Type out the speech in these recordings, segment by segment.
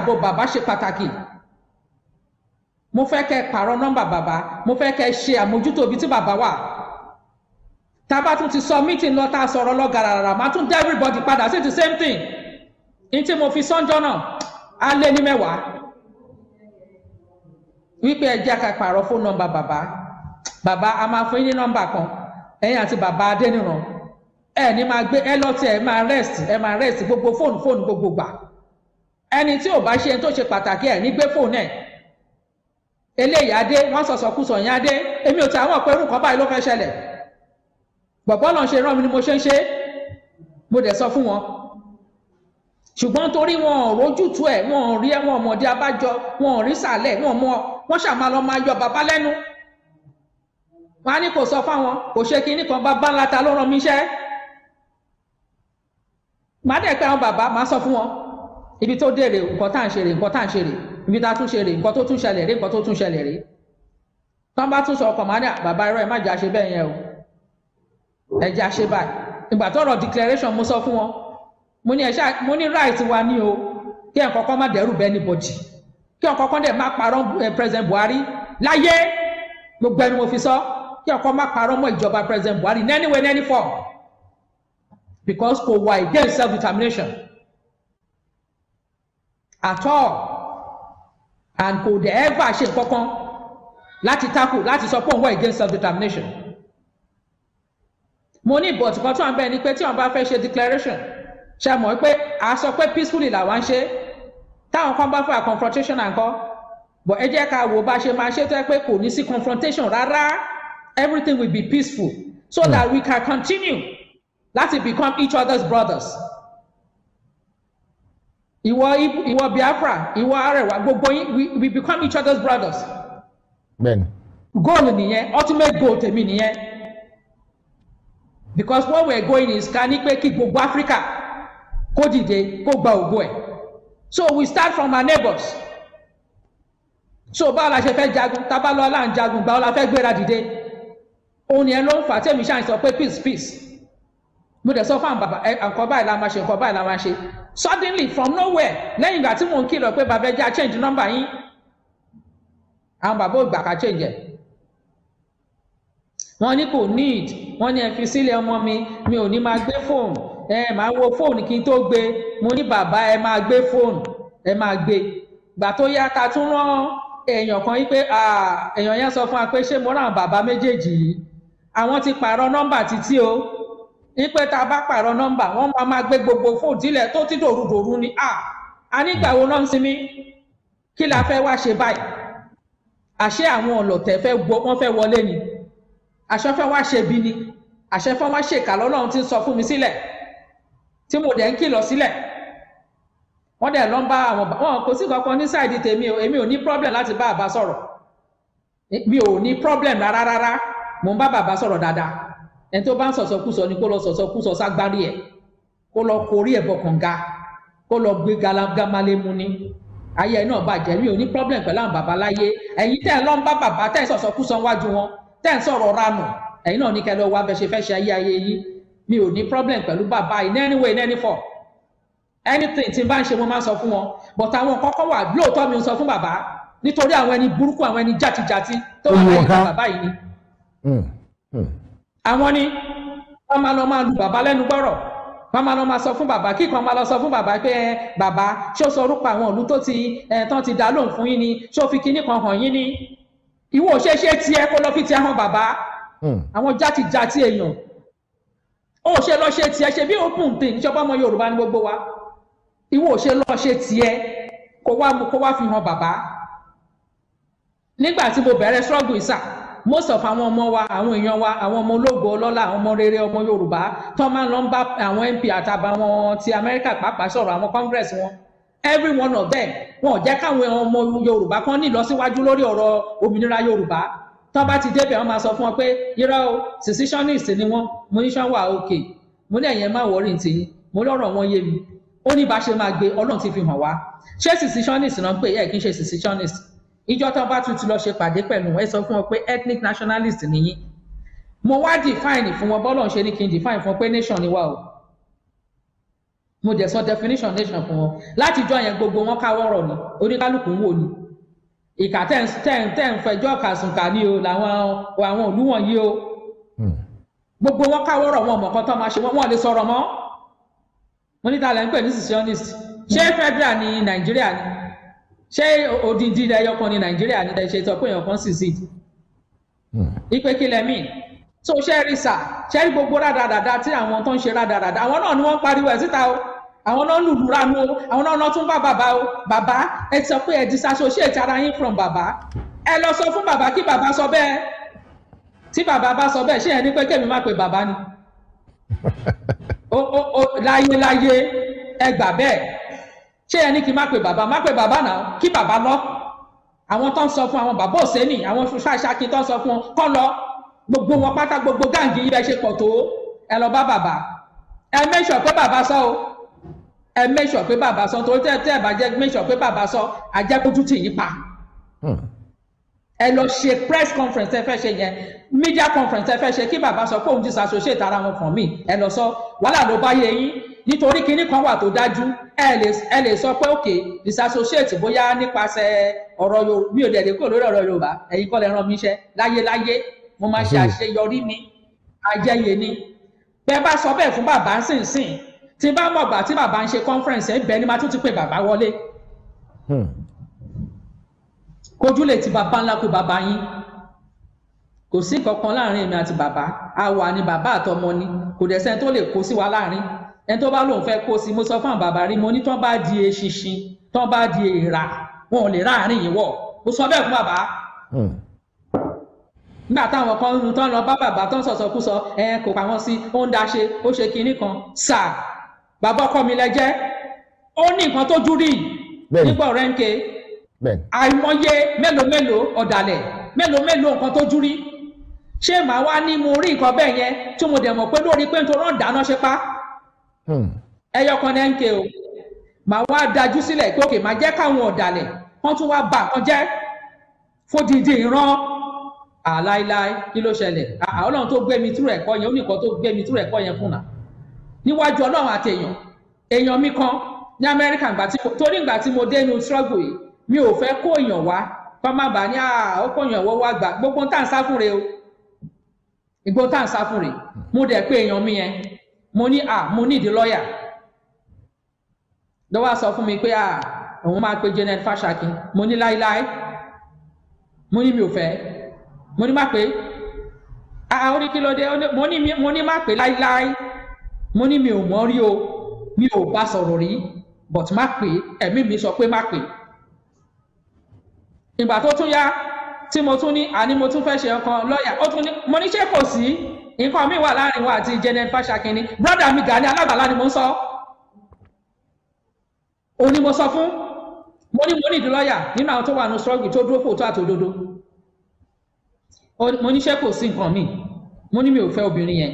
ààbò bàbá ṣe pàtàkì mo fẹ́ kẹ́ pààrọ̀ nọ́mbà bàbá mo fẹ́ kẹ́ ṣe àmójútó ibi tí bàbá wà tá a bá tún ti sọ mítìn lọ tá a sọ̀rọ̀ lọ máa tún dá everybody padà sí the same thing ní tí mo fi sọ́njọ́ náà á lé ní mẹ́wàá wípé ẹ jẹ́ ká pààrọ̀ fóònù nọ́mbà bàbá bàbá a máa fún yín ní nọ́mbà kan ẹ̀yin àti bàbá Adéníran ẹ̀ ní máa gbé ẹ lọ́tì ẹ máa rest ẹ máa rest gbogbo fóònù fóònù gbogbo gbà ẹni tí ò bá ṣe tó ṣe pàtàkì ẹ̀ ní gbé fóònù ẹ̀ eléyìí adé wọ́n sọ̀sọ̀ kú sọ̀yìn adé èmi ò tí àwọn ọ̀pẹ́rù kan báyìí ló fẹ́ ṣẹlẹ̀ bọ̀bọ́ lọ́n ṣe rán mi ni mo ṣe ń ṣe mo dẹ̀ sọ fún wọn ṣùgbọ́n torí wọn ò rójútu ẹ̀ wọn ò rí ẹ wọn ọmọdé abájọ wọn ò rí sàlẹ̀ wọn mọ wọn ṣàmà lọ máa yọ bàbá lẹ́nu wọn á ní kò sọ fáwọn kò ṣe kinní kan bàbá ńlá ló rán mi iṣẹ́ màá dẹ̀ pé àwọn bàbá màá sọ fún wọn ibi tó dé rè nǹkan tá à ń ṣe rè nǹkan tá à ń ṣe rè ibi tá a tún ṣe rè nǹkan tó tún ṣẹlẹ̀ rè nǹkan tó tún ṣẹlẹ̀ rè tán bá tún sọ ọkọ̀ máa ní bàbá irọ́ ẹ má jà ṣe bẹ́ẹ̀ yẹn o ẹ jà ṣe báyìí ìgbà tọrọ declaration mo sọ fún wọn mo ní ẹṣá mo ní right wa ní o kí ẹnì kọ̀ọ̀kan má dẹ́rù bẹ́ẹ̀ ní bọ́dì kí ọ̀kan kan dẹ̀ má parọ́ president Buhari láyé gbogbo ẹni mo fi sọ kí ọ̀kan má parọ́ mọ́ ìjọba president Buhari in any way in any form because kò wà against self determination at all and kò dẹ̀ ẹ́fà ṣe kankan láti tako láti sọ pé òun wà against self determination mo ní ìbọ̀tì kan tó à ń bẹ̀ ni pé tí wọ́n bá fẹ́ ṣe declaration ṣe mọ̀ pé a sọ pé peacefully làwọn ń ṣe táwọn kan bá fẹ́ confrontation nǹkan but ẹ jẹ́ ká wo bá ṣe máa ṣe tó yẹ pé kò ní sí confrontation rárá everything will be peaceful so mm. that we can continue láti become each other's brothers ìwọ ìwọ Biafra ìwọ Arewa gbogbo yín we become each other's brothers. bẹ́ẹ̀ni. goal nìyẹn ultimate goal tèmi nìyẹn because where we are going is ká ní pé kí gbogbo Africa kó dìde kó gba ògo ẹ̀ so we start from our neighbors so báwo la ṣe fẹ́ jagun tábàlọ́ là ń jagun báwo la fẹ́ gbéra dìde òun yẹn ló ń fà tẹ̀mí ṣáà ń sọ pé peace peace mo dẹ̀ sọ fún àwọn bàbá ẹ nǹkan báyìí la máa ṣe nǹkan báyìí la máa ṣe suddenly from nowhere lẹ́yìn ìgbà tí mò ń kìlọ̀ pé bàbá ẹja change number yín àwọn bàbá ò gbà ká change ẹ̀ wọ́n ní kò need wọ́n ní ẹ fi sílẹ̀ ọmọ mi mi ò ní máa gbé fóònù ẹ máa wo fóònù kí n tó gbé mo ní bàbá ẹ máa gbé fóònù ẹ máa gbé gbà tó yá ta tún rán èèyàn kan yí pé èèyàn yẹn sọ fún wa pé ṣé mo ràn bàbá méjèèjì yìí àwọn ti pààrọ̀ nọ́mbà títí o ipe tá a bá pààrọ̀ nọ́mbà wọ́n máa máa gbé gbogbo fóònù tilẹ̀ tó ti dòru dòru ni a a nígbà wo náà ń sinmi kí la fẹ́ wá ṣe báyìí àṣé àwọn ọ̀lọ̀tẹ̀ fẹ́ gbọ́ wọ́n fẹ́ wọlé ni àṣẹ fẹ́ wá ṣe bí ni àṣẹ fẹ́ wá ṣèkà lọ́lọ́run ti sọ fún mi sílẹ̀ tí mo dẹ̀ ń kìlọ̀ sílẹ̀ wọ́n dẹ̀ lọ ń bá àwọn wọn kò sí kankan ní sáìdì tèmi o èmi ò ní problem láti bá àbá sọ̀rọ̀ mi ò ní problem rárá rárá mò ń bá bàbá sọ̀rọ̀ dáadáa ẹni tó bá ń sọ̀sọ̀kúsọ ni kó lọ sọ̀sọ̀kúsọ ságbárí ẹ̀ kó lọ korí ẹ̀ bọ̀kànga kó lọ gbé gamalémú ni ayé ẹ̀ náà bàjẹ́ mi ò ní problem pẹ̀lú àwọn bàbá láyé ẹ̀yin tẹ́ ẹ lọ ń bá bàbá tẹ́ ẹ sọ̀sọ̀kúsọ wájú wọn tẹ́ ẹ sọ̀rọ̀ ranù ẹ̀yin náà ní kẹlẹ́ wá bẹ́ẹ̀ ṣe fẹ́ ṣe ayé ayé yìí mi ò ní problem pẹ̀lú bàbá in any way in any form anything tí n bá ń ṣe mo máa ń sọ fún wọn but àwọn kọ́kọ́ wà lóòótọ́ mi ń sọ fún bàbá nítorí àwọn ẹni burúkú àwọn ẹni jàtijàti tó wà láyé bàbá yìí ni. Hmm, hmm àwọn ni wọn máa lọ máa lu bàbá lẹ́nu gbọ́rọ̀ wọn máa lọ máa sọ fún bàbá kí kan máa lọ sọ fún bàbá pé ẹ bàbá ṣó sọ orúkọ àwọn ìlú tó ti ẹ tán ti dá lóhùn fún yín ni ṣó fi kinní kan hàn yín ni ìwọ ṣe ṣe tiẹ̀ kó lọ fi tiẹ̀ hàn bàbá hmm. àwọn játijàti èèyàn ó ṣe lọ ṣe tiẹ̀ ṣe bí open thing ìjọba ọmọ Yorùbá ni gbogbo wa ìwọ ṣe lọ ṣe tiẹ̀ kó wá kó wá fi hàn bàbá nígbà tí mo bẹ̀rẹ̀ struggle ìsà most of àwọn ọmọ wa àwọn èèyàn wa àwọn ọmọ ológo ọlọ́lá àwọn ọmọ rere ọmọ yorùbá tó máa lọ ń bá àwọn mp àtàbàwọn ti amẹ́ríkà pàápàá sọ̀rọ̀ àwọn congress wọn every one of them wọn ò jẹ́ káwọn ọmọ yorùbá kan ní ìlọsíwájú lórí ọ̀rọ̀ òmìnira yorùbá tó bá ti débẹ̀ wọ́n máa sọ fún wọn pé irọ́ o secessionist ni wọ́n mo ní sàn wà òkè mo ní ẹ̀yẹn má wọrí ti yín mo lọ́rọ̀ wọn yé mi ó ní bá ṣe máa gbé ọlọ́run ti fi hàn wá ṣé secessionist náà ń pè é kí n ṣe secessionist ìjọ tán bá tún ti lọ ṣe pàdé pẹ̀lú ẹ sọ fún wọn pé ethnic nationalist nìyí mo wá define fún wọn bọ́lọ̀ ń ṣe ní kí n define fún wọn pé nation ni wá o mo dẹ̀ sọ definition nation fún wọn láti jọ yẹn gbogbo wọn káwọ́rọ̀ ni oníkálukú ń wò ni ìkà tẹ̀ ń tẹ̀ ń fẹjọ́ kàsùnkà ni o làwọn àwọn òlú wọ̀nyí o hmm. gbogbo wọn káwọ́rọ̀ wọn mọ̀kàn tó máa ṣe wọn lè sọ̀rọ̀ mọ́ mo ní ta lẹ́ ní secessionist ṣé federal ni nàìjíríà ni ṣé odindi ilẹ̀ ẹyọkan ní nàìjíríà ní ṣe sọ pé èèyàn kan sì sí hmm. ipe kílẹ̀ míì so ṣe rí sà ṣe rí gbogbo rádaràdà tí àwọn tó ń ṣe rádaràdà àwọn náà ni wọ́n pariwo ẹ̀ síta o àwọn náà lùlù ránu o àwọn náà tún bá bàbá o bàbá ẹ sọ pé ẹ disassociate ara yín from bàbá ẹ lọ sọ fún bàbá kí bàbá sọ bẹ́ẹ̀ tí bàbá bá sọ bẹ́ẹ̀ ṣé ẹ ní pé kémi má pe bàbá ni o o o láyé láyé ẹ gbà bẹ́ẹ̀ ṣé ẹ ní kí n má pe bàbá má pe bàbá náà kí bàbá lọ àwọn tó ń sọ fún àwọn bàbá òsèlú àwọn ṣáṣákí tó ń sọ fún kọ́ lọ gbogbo wọn pátá gbogbo gáǹgì yìí bẹ́ẹ̀ ṣe pọ̀ tó ẹ lọ bá bàbá ẹ mẹ́sọ̀ pé bàbá sọ o ẹ mẹ́sọ̀ pé bàbá sọ torí tẹ́ tẹ́ bá jẹ́ mẹ́sọ̀ pé bàbá sọ àjẹkójú tì yín pa hmm. ẹ lọ ṣe press conference ẹ fẹ́ ṣe yẹn media conference ẹ fẹ́ ṣe kí bàbá sọ pé òun ti ṣàṣoṣe ìtara wọn kàn mí ẹ lọ sọ wàhálà ló bá yẹ yín nítorí kinní kan wà tó dájú ẹ lè sọ pé òkè disassociate bóyá nípasẹ̀ ọ̀rọ̀ Yorùbá mi ò dẹ̀ lè kó lórí ọ̀rọ̀ Yorùbá ẹ̀yin kọ́ lè ràn mí iṣẹ́ láyéláyé mo máa ṣe àṣeyọrí mi ajẹ́yẹ ni bẹ́ẹ̀ bá sọ bẹ́ẹ̀ fún bàbá sínsìn tí bá mọ̀gbà tí bàbá ń ṣe conference ẹ̀ bẹ́ẹ̀ ni máa tún ti pè bàbá wọlé hmm. kojú lè ti bàbá ńlá kó bàbá yín kò sí nǹkan kan láàrin èmi àti bàbá a wà ní bàbá àtọmọ ni kò dẹ̀ sẹ́ni tó lè kó sí wa láàrin ẹni tó bá lóun fẹ́ kó sí mo sọ fún àwọn bàbá rí mo ní tán bá di eṣinṣin tán bá di èrà wọn ò lè ráàrin yìí wọ̀ mo sọ bẹ́ẹ̀ fún bàbá. Hmm. nígbà táwọn kan tán lọ bá bàbá tán sọ̀sọ̀kúsọ ẹ kò pa wọn sí ó ń daṣe ó ṣe kinní kan sà bàbá ọkọ mi lẹjẹ ó ní nǹkan tó dúró yìí nígbà ọ̀rẹ́ ń ke àìmọye mélòó mélòó ọ̀dàlẹ̀ mélòó mélòó nǹkan tó dúró ṣé màá wá ní mo rí nǹkan bẹ́ẹ̀ yẹn tí mo dẹ̀ mọ̀ pé lórí pé nítorí ọ̀dáná ṣe pa Hmm. ẹyọ kan náà ń ké o màá wá dájú sílẹ̀ pé òkè màá jẹ́ káwọn ọ̀dàlẹ̀ wọ́n tún wá bà kan jẹ́ fódìdì ìran àláíláí kí ló ṣẹlẹ̀ ọlọ́run tó gbé mi túrú ẹ̀kọ́ yẹn ó nìkan tó gbé mi túrú ẹ̀kọ́ yẹn fúnra níwájú ọlọ́run àti èèyàn èèyàn mi kan ní amẹ́ríkà torí ìgbà tí mo dénú ṣọ́gbù yìí mi ò fẹ́ kó èèyàn wá kọ́ má bàa ní ọkọ̀ èèyàn wọ́wọ́ àgbà gbogbo tá ń sá fún re o ìgbó tá à ń sá fún re mo dẹ̀ pé èèyàn mi yẹn mo ní à ah, mo ní ìdí lọ́ọ̀yà lọ́wọ́ sọ fún mi pé à ah, òun máa pe Janet Fashaki mo ní láíláí mo ní mi ò fẹ́ mo ní má pé àà ah, ó ní kí ló dé mo ní má pé láíláí mo ní mi ò mọ̀ rí o mi ò bá sọ̀rọ̀ rí but má pé ẹ̀mí mi sọ pé má pé ìgbà tó tún yá tí mo tún ní àní mo tún fẹ́ ṣe ọkàn lọ́ọ̀yà ó tún ní mo ní ṣé kò sí nǹkan mi wà láàrin wa àti Janet Fashakin ni brother mi Gani Alágbàlá ni mo ń sọ òun ni mo sọ fún mo ní mo ní ìdílọ́yà nínú àwọn tó wà ní struggle tó dúró fòótọ́ àtòdodo mo ní ṣé kò sí nǹkan mi mo ní mi ò fẹ́ obìnrin yẹn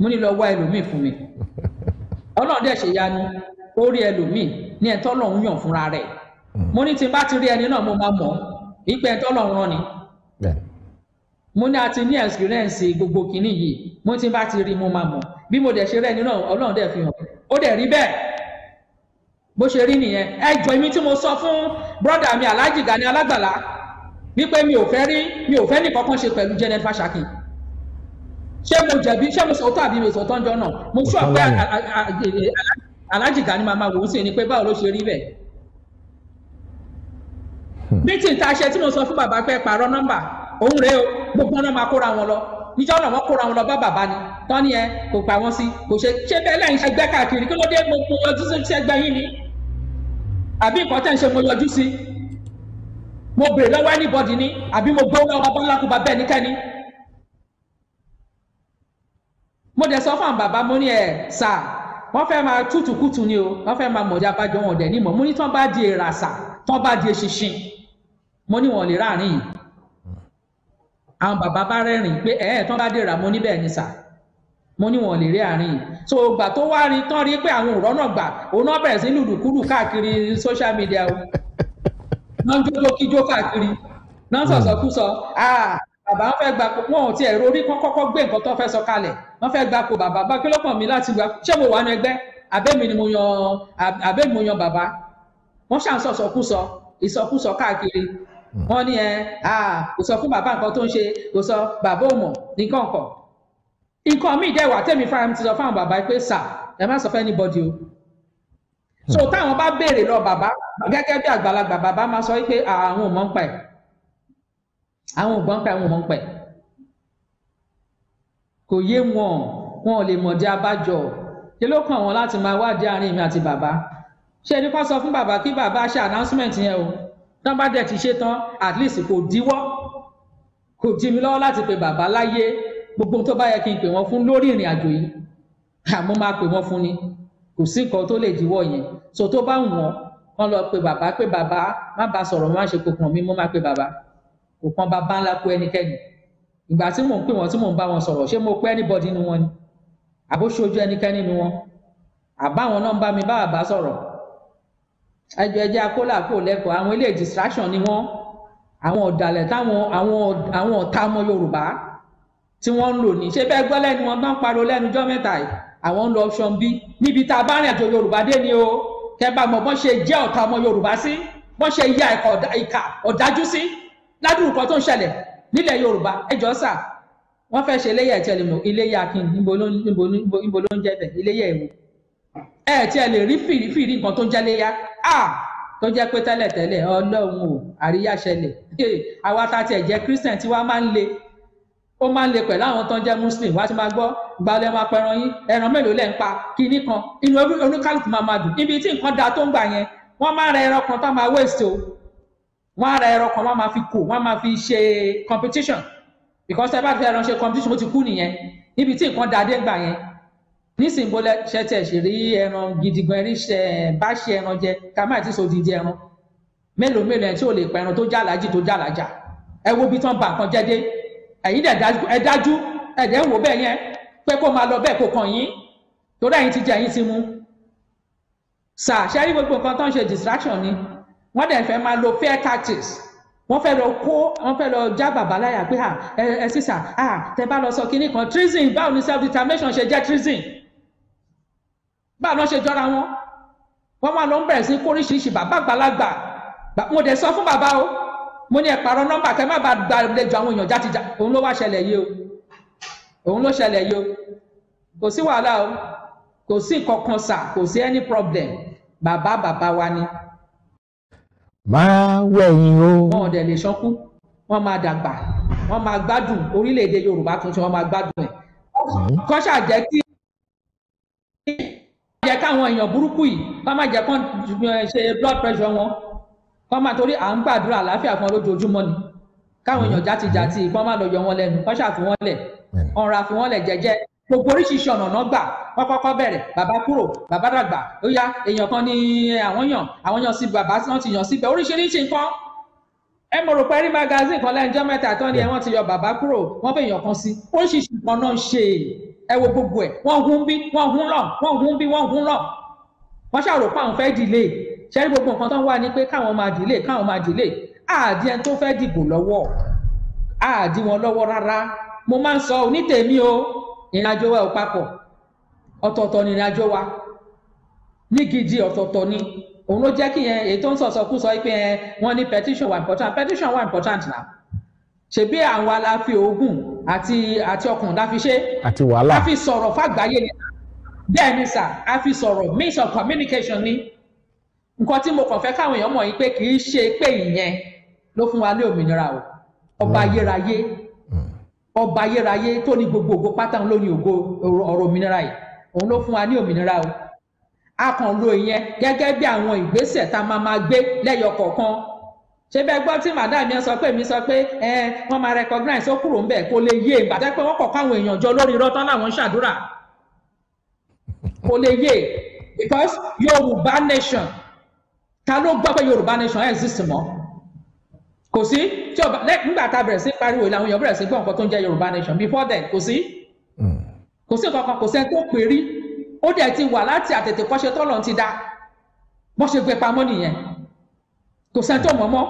mo ní lọ wá ẹlòmíì fún mi ọlọ́run dẹ̀ ṣe yanu ó rí ẹlòmíì ní ẹ̀tọ́ lọ́hún yàn fúnra rẹ̀ mo ní tí n bá ti rí ẹni náà mo máa mọ̀ ìpẹ́ ẹ̀tọ́ lọ́hún rán ni mo ní a ti ní experience gbogbo kìíní yìí mo ti bá ti rí mo máa mọ̀ bí mo dẹ̀ ṣe rẹ́ nínú ọlọ́run dẹ̀ fi hàn ó dẹ̀ rí bẹ́ẹ̀ bó ṣe rí nìyẹn ẹ jọ èmi tí mo sọ fún brọ́dà mi Alhaji Gani Alágbàlá wípé mi ò fẹ́ rí mi ò fẹ́ nìkankan ṣe pẹ̀lú Janet Fashakin ṣé mo jẹ̀bi ṣé mo sọ̀tọ̀ àbí mi sọ̀tọ̀ ń jọ náà mo sọ pé Alhaji Gani màmá wò ó sì ni pé báwo ló ṣe rí bẹ́ẹ̀ mítìn hmm. tá ṣe tí mo sọ fún bàbá pé pààrọ̀ nọ́mbà òun rèé o gbogbo náà máa kóra wọn lọ níjọ́ náà wọ́n kóra wọn lọ bá bàbá ni tán ni ẹ kò pa wọ́n sí kò ṣe ṣé bẹ́ẹ̀ lẹ́yìn ẹgbẹ́ káàkiri kí ló dé gbogbo ọdún sí ẹgbẹ́ yín ni àbí nǹkan tẹ̀ ń ṣe mo yọjú sí mo bèrè lọ́wọ́ anybody ni àbí mo gbọ́ lọ́wọ́ abọ́lákùbá bẹ́ẹ̀ níkẹ́ni. mo dẹ̀ sọ fún àwọn bàbá mo ní ẹ̀ sà wọ́n fẹ́ máa tútùkùtù ni o wọ́n fẹ́ máa mọ̀já abájọ wọn ọ̀dẹ̀ nímọ̀ mo ní tí wọ́n bá di èràsà tí wọ́n bá di eṣinṣin mo ní wọn lè ráàrin yìí àwọn bàbá bá rẹ́rìn pé ẹ̀ ẹ̀ tán bá dèrà mo níbẹ̀ ni sà mo ní wọn lè rí àárín yìí so ìgbà tó wá rin tán rí pé àwọn òrọ́nà gbà òun náà bẹ̀rẹ̀ sí lùdùkúdù káàkiri social media o náà ń jókòó kíjó káàkiri náà ń sọ̀sọ̀kúsọ hmm. bàbá ń fẹ́ gba kó wọn ò tiẹ̀ rorí kán kọ́kọ́ gbé nǹkan tó fẹ́ sọ kalẹ̀ wọ́n fẹ́ gba kó bàbá bá kílọ́pọ̀ mi láti gba ṣé mo wà ní ẹgbẹ́ abẹ́mi ni mo yan abẹ́mi mo yan bàbá wọ́n ṣà ń sọ̀sọ̀kúsọ ìsọkúsọ káàkiri Mm. wọ́n ní ẹ kò sọ fún bàbá nǹkan tó ń ṣe kò sọ bàbá ò mọ̀ nǹkan kan nǹkan míì dẹ̀ wà tẹ̀mí fara mi ti sọ fáwọn bàbá pé sà ẹ má sọ fún anybody o mm. so táwọn bá béèrè lọ bàbá gẹ́gẹ́ bí àgbàlagbà bàbá máa sọ pé àwọn ò mọ̀ ń pa ẹ̀ àwọn ò gbọ́n pa àwọn ò mọ̀ ń pa ẹ̀ kò yé wọn wọn ò lè mọ̀dí abájọ ṣe ló kàn wọn láti máa wádìí àárín mi àti bàbá ṣé ẹni kan sọ fún bàbá kí bàbá ṣe announcement yẹn o tán bá dẹ̀ ti ṣe tán at least kò díwọ́ kò jí mi lọ́wọ́ láti pe bàbá láyé gbogbo tó bá yẹ kí n pè wọ́n fún lórí ìrìn àjò yìí àmọ́ máa pè wọ́n fún ni kò sí nǹkan tó lè díwọ́ yẹn so tó bá wọ̀n wọ́n lọ pe bàbá pé bàbá má bá sọ̀rọ̀ má ṣe kò kàn mí mo má pe bàbá kò kàn bàbá ńlá kú ẹnikẹ́ni ìgbà tí mò ń pè wọ́n tí mò ń bá wọn sọ̀rọ̀ ṣé mo pẹ́ anybody nu wọn ni àbó ṣojú ẹnikẹ́ni nu wọn àbáwọn náà ń bá mi bá bàbá sọ̀rọ̀ ẹjọ ẹjẹ akólà kò lẹ́kọ̀ọ́ àwọn ilé distraction ni wọ́n àwọn ọ̀dàlẹ̀ táwọn àwọn àwọn ọ̀tá ọmọ Yorùbá tí wọ́n ń lò ní ṣé bẹ́ẹ̀ gbọ́ lẹ́nu wọn tán pariwo lẹ́nujọ́ mẹ́ta yìí àwọn ń lọ option b níbi tá a bá rìn àjò Yorùbá dé ni o kẹ́ bá mọ̀ bọ́n ṣe jẹ́ ọ̀tá ọmọ Yorùbá sí bọ́n ṣe ya ìkà ọ̀dájú sí ládùúgbò kan tó ń ṣẹlẹ̀ nílẹ̀ Yorùbá ẹjọ́ sà wọ́n fẹ́ ṣe iléyà ìtẹ̀lẹ́mọ̀ iléyà kí n níbo ló ń jẹ́ bẹ̀ iléyà ìwò ẹ tí ẹ lè rí fìrífìrí nǹkan tó ń jẹ́léyà à tó jẹ́ pé tẹ́lẹ̀tẹ́lẹ̀ ọlọ́run ò àríyá ṣẹlẹ̀ àwa ta tiẹ̀ jẹ́ christian tí wàá máa ń le ó máa ń le pẹ̀lú àwọn tó ń jẹ́ muslim wá sí máa gbọ́ gbalẹ̀ máa pẹran yín ẹran mélòó lẹ́ ń pa kinní kan inú oníkálùkù máa máa dùn ibi tí nǹkan da tó ń gbà yẹn wọ́n máa ra ẹran kan tó máa waste o wọ́n á ra ẹran kan wọ́n máa fi kò wọ́n máa fi ṣe competition because ẹ bá fẹ́ ẹran ṣe competition ó ti kú nìyẹn níbi tí nǹkan da dé gbà yẹn nísìnyí bọ́lá ṣẹ́tẹ̀ ṣe rí ẹran gidi gan ẹni ṣe bá ṣe ẹran jẹ ká má ti so didi ẹran mélòó mélòó ẹ tí ò lè pa ẹran tó jàlájì tó jàlájà ẹ wo bí tán ba nǹkan jẹ́ dé ẹ̀yin dẹ̀ ẹ dájú ẹ dẹ̀ wò bẹ́ẹ̀ yẹn pé kó máa lọ bẹ́ẹ̀ kó kàn yín torí ẹ̀yin ti jẹ ẹ̀yin ti mu sà ṣẹ́rí gbogbo nǹkan tó ń ṣe distraction ni wọ́n dẹ̀ fẹ́ máa lo fair tactics wọ́n fẹ́ lọ kó wọ́n fẹ́ lọ já bàbá láyà pé ẹ sísà tẹ bá lọ sọ kinní kan treason báwo ni self determination ṣe jẹ́ treason báà lọ ṣe jọra wọn wọn wà ló ń bẹ̀rẹ̀ sí kóríṣiríṣi bàbá àgbàlagbà mo dẹ̀ sọ fún bàbá o mo ní ẹ pààrọ̀ nọ́mbà kẹ́ má bàa gba àlejò àwọn èèyàn játijá òun ló wá ṣẹlẹ̀ yìí o òun ló ṣẹlẹ̀ yìí o kò sí wàhálà o kò sí nǹkan sà kò sí any problem bàbá bàbá wa ni. máa wẹ̀yìn o. wọn ò dẹ̀ lè ṣọ́kú wọ́n máa dàgbà wọ́n máa gbádùn orílẹ̀-èdè Yorùbá tuntun wọ́n máa gbádùn ẹ̀ hmm. kọ́ṣà jẹ́ kí káwọn èèyàn burúkú yìí ká má jẹ́ kán ṣe blood pressure wọn kán má torí à ń gbàdúrà àlàáfíà fún ọ lójoojúmọ́ ni káwọn èèyàn mm-hmm. játijàti mm-hmm. kán má lọ yọ wọn lẹ́nu kán ṣàfi wọn lẹ̀ ọ̀rọ̀ mm-hmm. àfi wọn lẹ̀ jẹ́jẹ́ gbogbo oríṣiríṣi ọ̀nà náà gbà wọ́n kọ́kọ́ bẹ̀rẹ̀ bàbá kúrò bàbá dàgbà ó yá èèyàn kan ní àwọn yàn àwọn yàn sí bàbá tí wọ́n ti yàn síbẹ̀ oríṣiríṣi nǹkan ẹ mọ̀ rò pé rí magazine kan lẹ́nu jọ́ mẹ́ta tán ni ẹ wọ́n ti yọ bàbá kúrò wọ́n bẹ̀ kan sí oríṣiríṣi nǹkan náà ń ṣe ẹ wo gbogbo ẹ̀ wọ́n hun bí wọ́n hun lọ wọ́n hun bí wọ́n hun lọ wọ́n ṣàrò pé àwọn fẹ́ dìlé ṣẹ́rí gbogbo nǹkan tó ń wà ní pé káwọn máa dìlé káwọn máa dìlé àdí ẹni tó fẹ́ dìbò lọ́wọ́ àdí wọn lọ́wọ́ rárá mo máa ń sọ onítèmi o ìrìnàjò wa ò papọ̀ ọ̀tọ̀ọ̀tọ̀ ni ìrìnàjò wa ní gidi ọ̀tọ̀ọ̀tọ̀ ni òun ló jẹ́ kí yẹn èyí tó ń sọ̀sọ̀ kú sọ pé wọ́n ní petition wà important petition wà important na ṣebí àwọn aláfi ogun àti àti ọkàn la fi ṣe. àti wàhálà a fi sọ̀rọ̀ fàgbáyé ni bẹ́ẹ̀ ni sà a fi sọ̀rọ̀ means of communication ni nǹkan tí mo kàn fẹ́ káwọn èèyàn mọ̀ yìí pé kì í ṣe pé ìyẹn ló fún wa ní òmìnira o ọba hmm. ayérayé hmm. ọba ayérayé tó ní gbogbo ògo pátá ló ní ògo ọ̀rọ̀ òmìnira yìí òun ló fún wa ní òmìnira o a kàn lo ìyẹn gẹ́gẹ́ bí àwọn ìgbésẹ̀ tá a máa máa gbé lẹ́yọ kọ̀ọ̀kan ṣé bẹ́ẹ̀ gbọ́ tí madam yẹn sọ pé mi sọ pé ẹ wọ́n máa recognize ó kúrò ń bẹ̀ kó lè yé ìgbà tẹ́ pé wọ́n kọ̀ọ̀kan àwọn èèyàn jọ lórí irọ́ tán láwọn ń ṣàdúrà kó lè yé because yorùbá nation ta ló gbọ́ pé yorùbá nation exist mọ́ kò sí tí ọba nígbà tá a bẹ̀rẹ̀ sí pariwo ìlànà èèyàn bẹ̀rẹ̀ sí gbọ́ nǹkan tó ń jẹ́ yorùbá nation before then kò sí kò sí nǹkan kan kò sẹ́ni tó pè rí ó dẹ̀ ti wà láti àtètè kọ́ṣe tọ́lọ̀ ti da bọ́n ṣe gbé pamọ́ nìyẹn kò sẹ́ni tó mọ̀ mọ́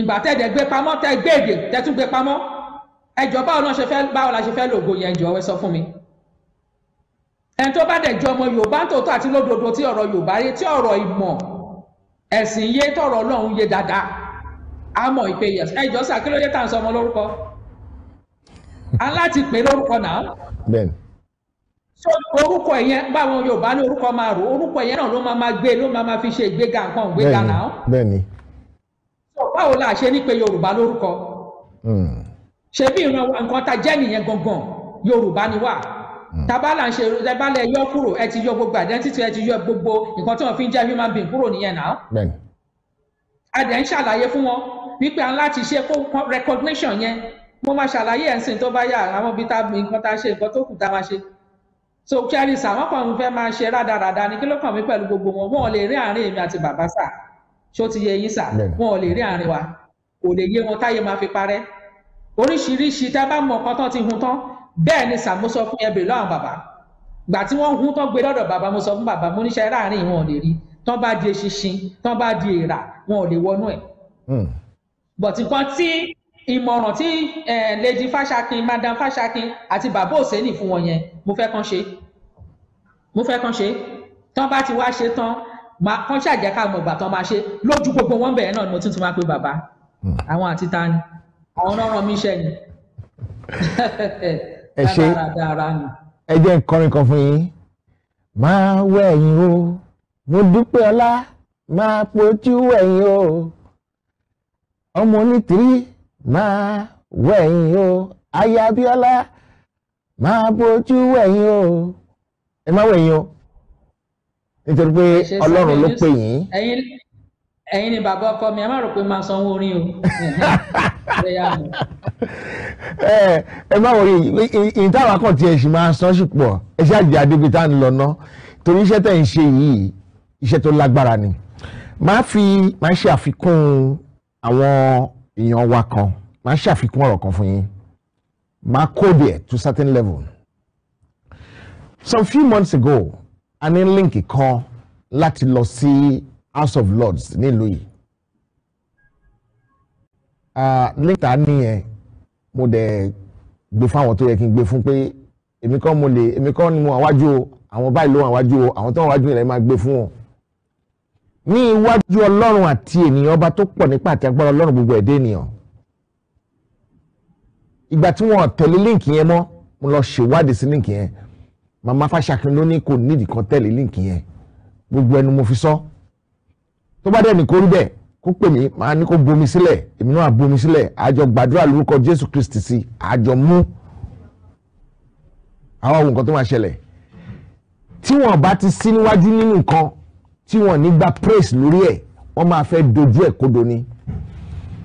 ìgbà tẹ́ẹ̀dẹ̀ gbé pamọ́ tẹ́ gbé èdè tẹ́ tún gbé pamọ́ ẹjọ́ báwo náà ṣe fẹ́ báwo la ṣe fẹ́ lògo yẹn ẹjọ́ ẹ sọ fún mi. ẹni tó bá dẹ̀ jọ ọmọ Yorùbá ń tòótọ́ àti lódodo tí ọ̀rọ̀ Yorùbá yé tí ọ̀rọ̀ ìmọ̀ ẹ̀sìn yé tọ̀rọ̀ Ọlọ́run yé dáadáa á mọ̀ ìpè yẹn ẹjọ́ sà kí ló à tà ń sọ ọmọ lórúkọ aláti pè lórúkọ náà. bẹ́ẹ̀ni so orúkọ yẹn báwọn Yorùbá ní orúkọ máa rò orúkọ yẹn náà ló máa máa gbé ló máa máa fi ṣe ìgbéga nǹkan ìgbéga náà. bẹ́ẹ̀ni bẹ́ẹ̀ni báwo la ṣe ní pé yorùbá lórúkọ hmm. ṣebí ìran nǹkan tá jẹ́ nìyẹn gangan yorùbá ni wá hmm. tabala ń ṣe ẹbálẹ yọ kúrò ẹ ti yọ gbogbo identity ẹ ti yọ gbogbo nǹkan tí wọn fi ń jẹ́ human being kúrò nìyẹn náà adẹ ń ṣàlàyé fún wọn wípé à ń láti ṣe recognition yẹn mo máa ṣàlàyé ẹ̀sìn tó bá yà àwọn ibi tá nǹkan tá a ṣe nǹkan tó kù tá a máa ṣe so kẹrìsà wọn kàn ń fẹ́ máa ṣe rádaràda ni kí ló kàn mí pẹ̀lú gbogbo wọn wọn ò lè rí àárín èmi àti bàbá sáà ṣó ti yẹ yín sà wọn ò lè rí àárín wa kò lè yé wọn táyé máa fi parẹ́ oríṣiríṣi tá a bá mọ̀ nǹkan tán ti hun tán bẹ́ẹ̀ ni sà mo sọ fún yẹn bèrè lọ́wọ́ bàbá gbà tí wọ́n hun tán gbé lọ́dọ̀ bàbá mo sọ fún bàbá mo níṣẹ́ láàrin wọn ò lè rí tán bá di eṣinṣin tán bá di èèrà wọn ò lè wọnú ẹ̀. Hmm. bọ̀tí nǹkan tí ìmọ̀ràn tí lady Fáṣakin madam Fáṣakin àti bàbá Oseni fún wọn yẹn mo fẹ́ kàn ṣe mo fẹ́ kàn ṣe tán bá ti wá ṣe tán máa kán ṣàjẹ́ ká mọ̀ bàtàn máa ṣe lójú gbogbo wọn bẹ̀rẹ̀ náà ni mo tún ti máa pe bàbá hmm. àwọn àti ta ni àwọn náà ràn mí iṣẹ́ ni. ẹ ṣe ẹ jẹ́ nkọrin kan fún yín máa wẹ̀ ẹ̀yìn o mo dúpẹ́ ọlá máa pojú ẹ̀yìn o ọmọ onítìrí máa wẹ̀ ẹ̀yìn o aya Abíọ́lá máa pojú ẹ̀yìn o ẹ má wẹ̀ ẹ̀yìn o nítorí pé ọlọ́run ló pè yín. ẹ̀yin ni bàbá ọkọ mi ẹ má rò pé máa sanwó orin o. ẹ má wọrí ìyìn táwa kan tiẹ̀ sì máa san ṣùpọ̀ ẹ ṣáà jẹ́ adébí tá à ń lọ ná torí iṣẹ́ tẹ̀ ń ṣe yìí iṣẹ́ tó lágbára ni máa fi máa ṣe àfikún àwọn èèyàn wa kan máa ṣe àfikún ọ̀rọ̀ kan fún yín máa kóde ẹ̀ to certain level some few months ago a ní líǹkì kan láti lọ sí House of Lords nílùú yìí líǹkì tá a nìyẹn mo dẹ̀ gbé fáwọn tó yẹ kí n gbé fún pé èmi kọ́ mo lè èmi kọ́ ni mo àwájú o àwọn báyìí ló wà wájú o àwọn tó wà wájú yẹn lè máa gbé fún o ní iwájú ọlọ́run àti ènìyàn ọba tó pọ̀ nípa àti agbára ọlọ́run gbogbo ẹ̀dá ènìyàn ìgbà tí wọ́n tẹ̀lé líǹkì yẹn mọ́ mo lọ ṣèwádìí sí líǹkì yẹn màmá Fáṣàkín ló ní kò nídìí kan tẹ̀lé líǹkì yẹn gbogbo ẹnu mo fi sọ tó bá dẹ̀ ní kó rí bẹ́ẹ̀ kó pè mí màá ní kó bomi sílẹ̀ èmi náà bomi sílẹ̀ àjọ gbàdúrà lórúkọ Jésù Kristi sí àjọ mú àwọn àwọn nǹkan tó máa ṣẹlẹ̀ tí wọ́n bá ti sí níwájú nínú nǹkan tí wọ́n ní gba praise lórí ẹ̀ wọ́n máa fẹ́ dojú ẹ̀ kódo ni